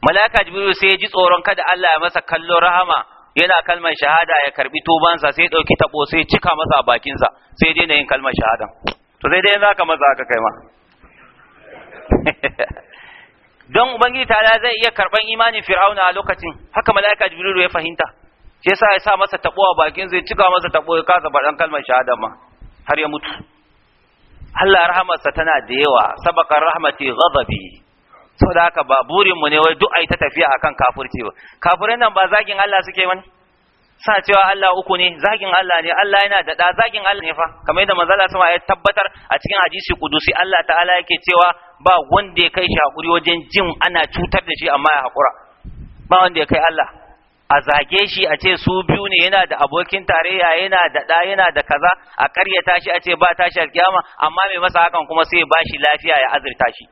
mala'ika jibrilu sai ya ji tsoron kada Allah ya masa kallo rahama yana kalmar shahada ya karbi tubansa sai ya dauki tabo sai cika masa a bakinsa sai dai na yin kalmar shahada to sai dai in zaka masa haka kai ma don ubangiji ta zai iya karban imanin fir'auna a lokacin haka mala'ika jibrilu ya fahimta shi yasa ya sa masa tabo a bakin ya cika masa tabo ya kasa faɗan kalmar shahada ma har ya mutu Allah rahamarsa tana da yawa sabaka rahmati ghadabi saboda haka ba burin mu ne wai duk ai ta tafiya akan kafirci ba kafirai nan ba zagin Allah suke wani sa cewa Allah uku ne zagin Allah ne Allah yana da da zagin Allah ne fa kamar yadda manzala sama ya tabbatar a cikin hadisi kudusi Allah ta'ala yake cewa ba wanda ya kai shi hakuri wajen jin ana cutar da shi amma ya hakura ba wanda ya kai Allah a zage shi a ce su biyu ne yana da abokin tarayya yana da ɗa yana da kaza a karya shi a ce ba tashi alkiyama amma mai masa hakan kuma sai ba shi lafiya ya azurta shi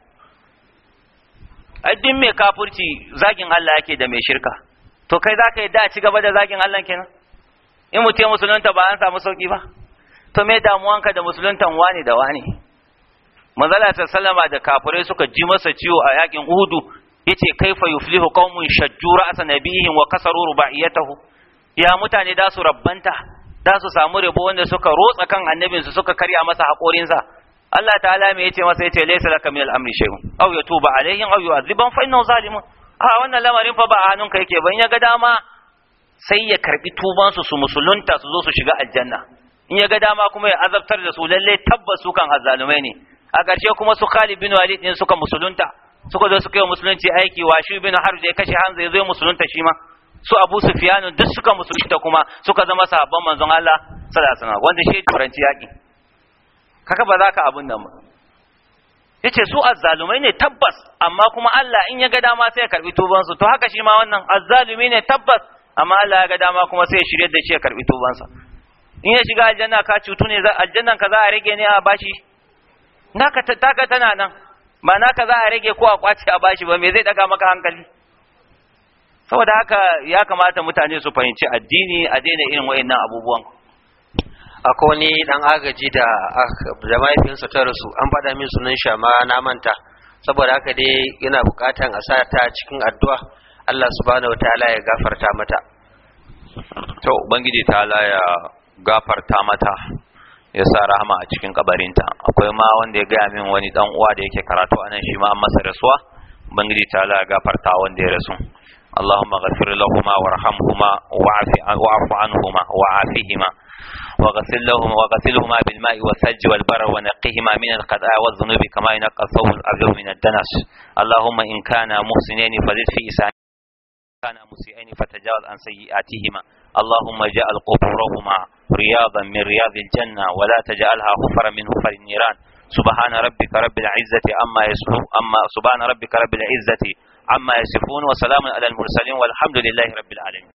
ai mai kafurci zagin Allah yake da mai shirka to kai ka yi da ci gaba da zagin Allah kenan in mu ce musulunta ba an samu sauki ba to me damuwanka da musuluntan wani da wani manzala ta sallama da kafirai suka ji masa ciwo a yakin uhudu yace kaifa yuflihu qaumun shajju ra'sa nabihim wa kasaru rubaiyatahu ya mutane da su rabbanta da su samu rabo wanda suka rotsa kan annabin su suka karya masa haƙorinsa Allah ta'ala me yace masa yace laysa laka min al-amri shay'un aw yatuba alaihim aw yu'adhiban fa innahu zalimun a wannan lamarin fa ba a hannunka yake ba in ya ga dama sai ya karbi tuban su su musulunta su zo su shiga aljanna in ya ga dama kuma ya azabtar da su lalle tabbas su kan azzalumai ne a ƙarshe kuma su Khalid bin Walid ne suka musulunta suka zo suka yi musulunci aiki wa shi bin har ya kashe hanzu ya zo musulunta shi ma su abu sufyanu duk suka musulunta kuma suka zama sahabban manzon Allah sallallahu alaihi wasallam wanda shi turanci yaki kaka ba za ka abun nan ba yace su azzalumai ne tabbas amma kuma Allah in ya ga dama sai ya karbi tuban su to haka shi ma wannan azzalumi ne tabbas amma Allah ya ga dama kuma sai ya shirye da shi ya karbi tuban sa in ya shiga aljanna ka cutu ne aljannan ka za a rage ne a bashi naka taka tana nan ma'ana ka za a rage ko a kwace a bashi ba me zai daga maka hankali saboda haka ya kamata mutane su fahimci addini a daina irin wayannan abubuwan akwai wani dan agaji da da mahaifinsa ta rasu an faɗa min sunan shi amma na manta saboda haka dai yana buƙatan a sa ta cikin addu'a Allah subhanahu wataala ya gafarta mata to ubangiji ta ya gafarta mata ya sa a cikin kabarinta akwai ma wanda ya gaya min wani dan uwa da yake karatu a nan shi ma an masa rasuwa ubangiji ta ala gafarta wanda ya rasu allahumma ghafir lahumma warhamhuma wa afi anhuma wa afihima وغسل لهما وغسلهما بالماء والثلج والبر ونقهما من القذائف والذنوب كما ينقى الثوب الابيض من الدنس اللهم ان كانا محسنين فزد في اسانهما كانا مسيئين فتجاوز عن سيئاتهما اللهم اجعل قبورهما رياضا من رياض الجنة ولا تجعلها حفرا من حفر النيران سبحان ربك رب العزة أما يصفون أما سبحان ربك رب العزة عما يصفون وسلام على المرسلين والحمد لله رب العالمين